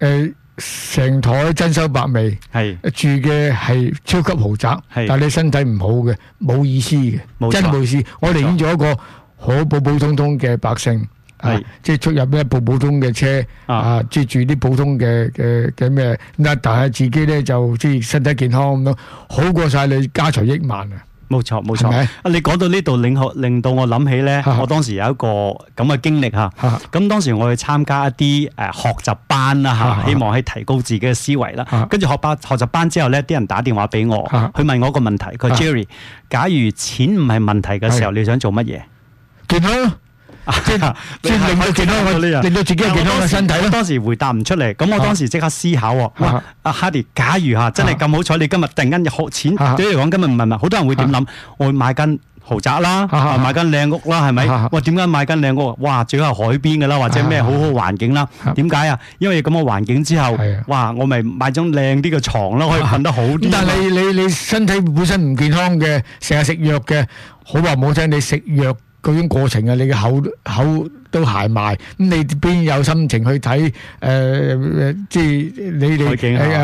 誒成台珍饈百味，係住嘅係超級豪宅，但係你身體唔好嘅，冇意思嘅，真冇意思。我寧願做一個好普普通通嘅百姓。係，即係出入一部普通嘅車，啊，接住啲普通嘅嘅嘅咩，但係自己咧就即係身體健康咁咯，好過晒你家財億萬啊！冇錯冇錯，你講到呢度令令到我諗起咧，我當時有一個咁嘅經歷嚇，咁當時我去參加一啲誒學習班啦嚇，希望係提高自己嘅思維啦。跟住學班學習班之後咧，啲人打電話俾我，佢問我一個問題：佢話 Jerry，假如錢唔係問題嘅時候，你想做乜嘢？斷啦！即令到健康嘅呢？令到自己健康嘅身體咧。 體當時回答唔出嚟，咁我當時即刻思考。喂，阿、啊、Hardi，假如嚇真係咁好彩， 你今日突然間有學錢，比如講今日唔係唔係，好多人會點諗？ 我會買間豪宅啦、啊，買間靚屋啦，係咪？哇！ 點解買間靚屋？哇！最好係海邊嘅啦，或者咩好好環境啦？點解啊？因為咁嘅環境之後， 是的 哇！我咪買張靚啲嘅床咯，可以瞓得好啲。 但係你你你身體本身唔健康嘅，成日食藥嘅，好話唔好聽，你食藥。究竟過程啊，你嘅口口。都鞋埋，咁你邊有心情去睇誒？即係你哋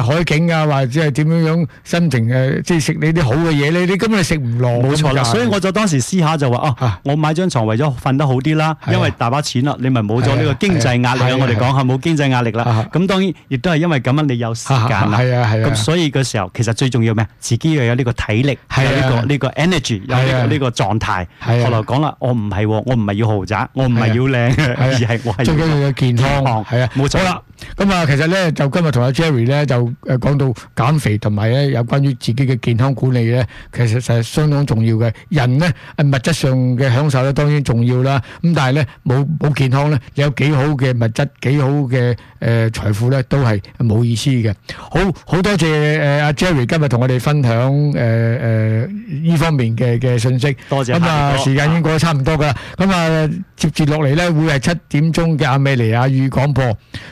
海景啊，或者係點樣樣心情嘅？即係食呢啲好嘅嘢咧，你根本食唔落。冇錯啦，所以我就當時私下就話：哦，我買張床為咗瞓得好啲啦，因為大把錢啦，你咪冇咗呢個經濟壓力。我哋講下冇經濟壓力啦。咁當然亦都係因為咁樣，你有時間啦。係啊係啊。咁所以嘅時候，其實最重要咩？自己又有呢個體力，有呢個呢個 energy，有呢個呢個狀態。後來講啦，我唔係，我唔係要豪宅，我唔係要係， 而係最緊要嘅健康，係啊，冇錯。好啦，咁啊，其實咧就今日同阿 Jerry 咧就誒講到減肥同埋咧有關於自己嘅健康管理咧，其實就係相當重要嘅。人咧喺物質上嘅享受咧當然重要啦，咁但係咧冇冇健康咧有幾好嘅物質，幾好嘅誒財富咧都係冇意思嘅。好好多謝誒、啊、阿 Jerry 今日同我哋分享誒誒呢方面嘅嘅信息。多謝。咁、嗯、啊，時間已經過咗差唔多噶，咁啊接住落嚟咧，會係七點鐘嘅亞美尼亞語廣播，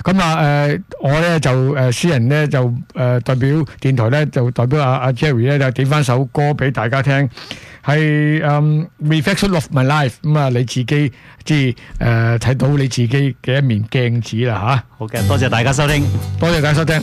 咁啊誒，我咧就誒，私人咧就誒，代表電台咧就代表阿阿 Jerry 咧就畀翻首歌俾大家聽，係《Reflection of My Life》咁啊，你自己即係誒睇到你自己嘅一面鏡子啦吓，好嘅，多謝大家收聽，多謝大家收聽。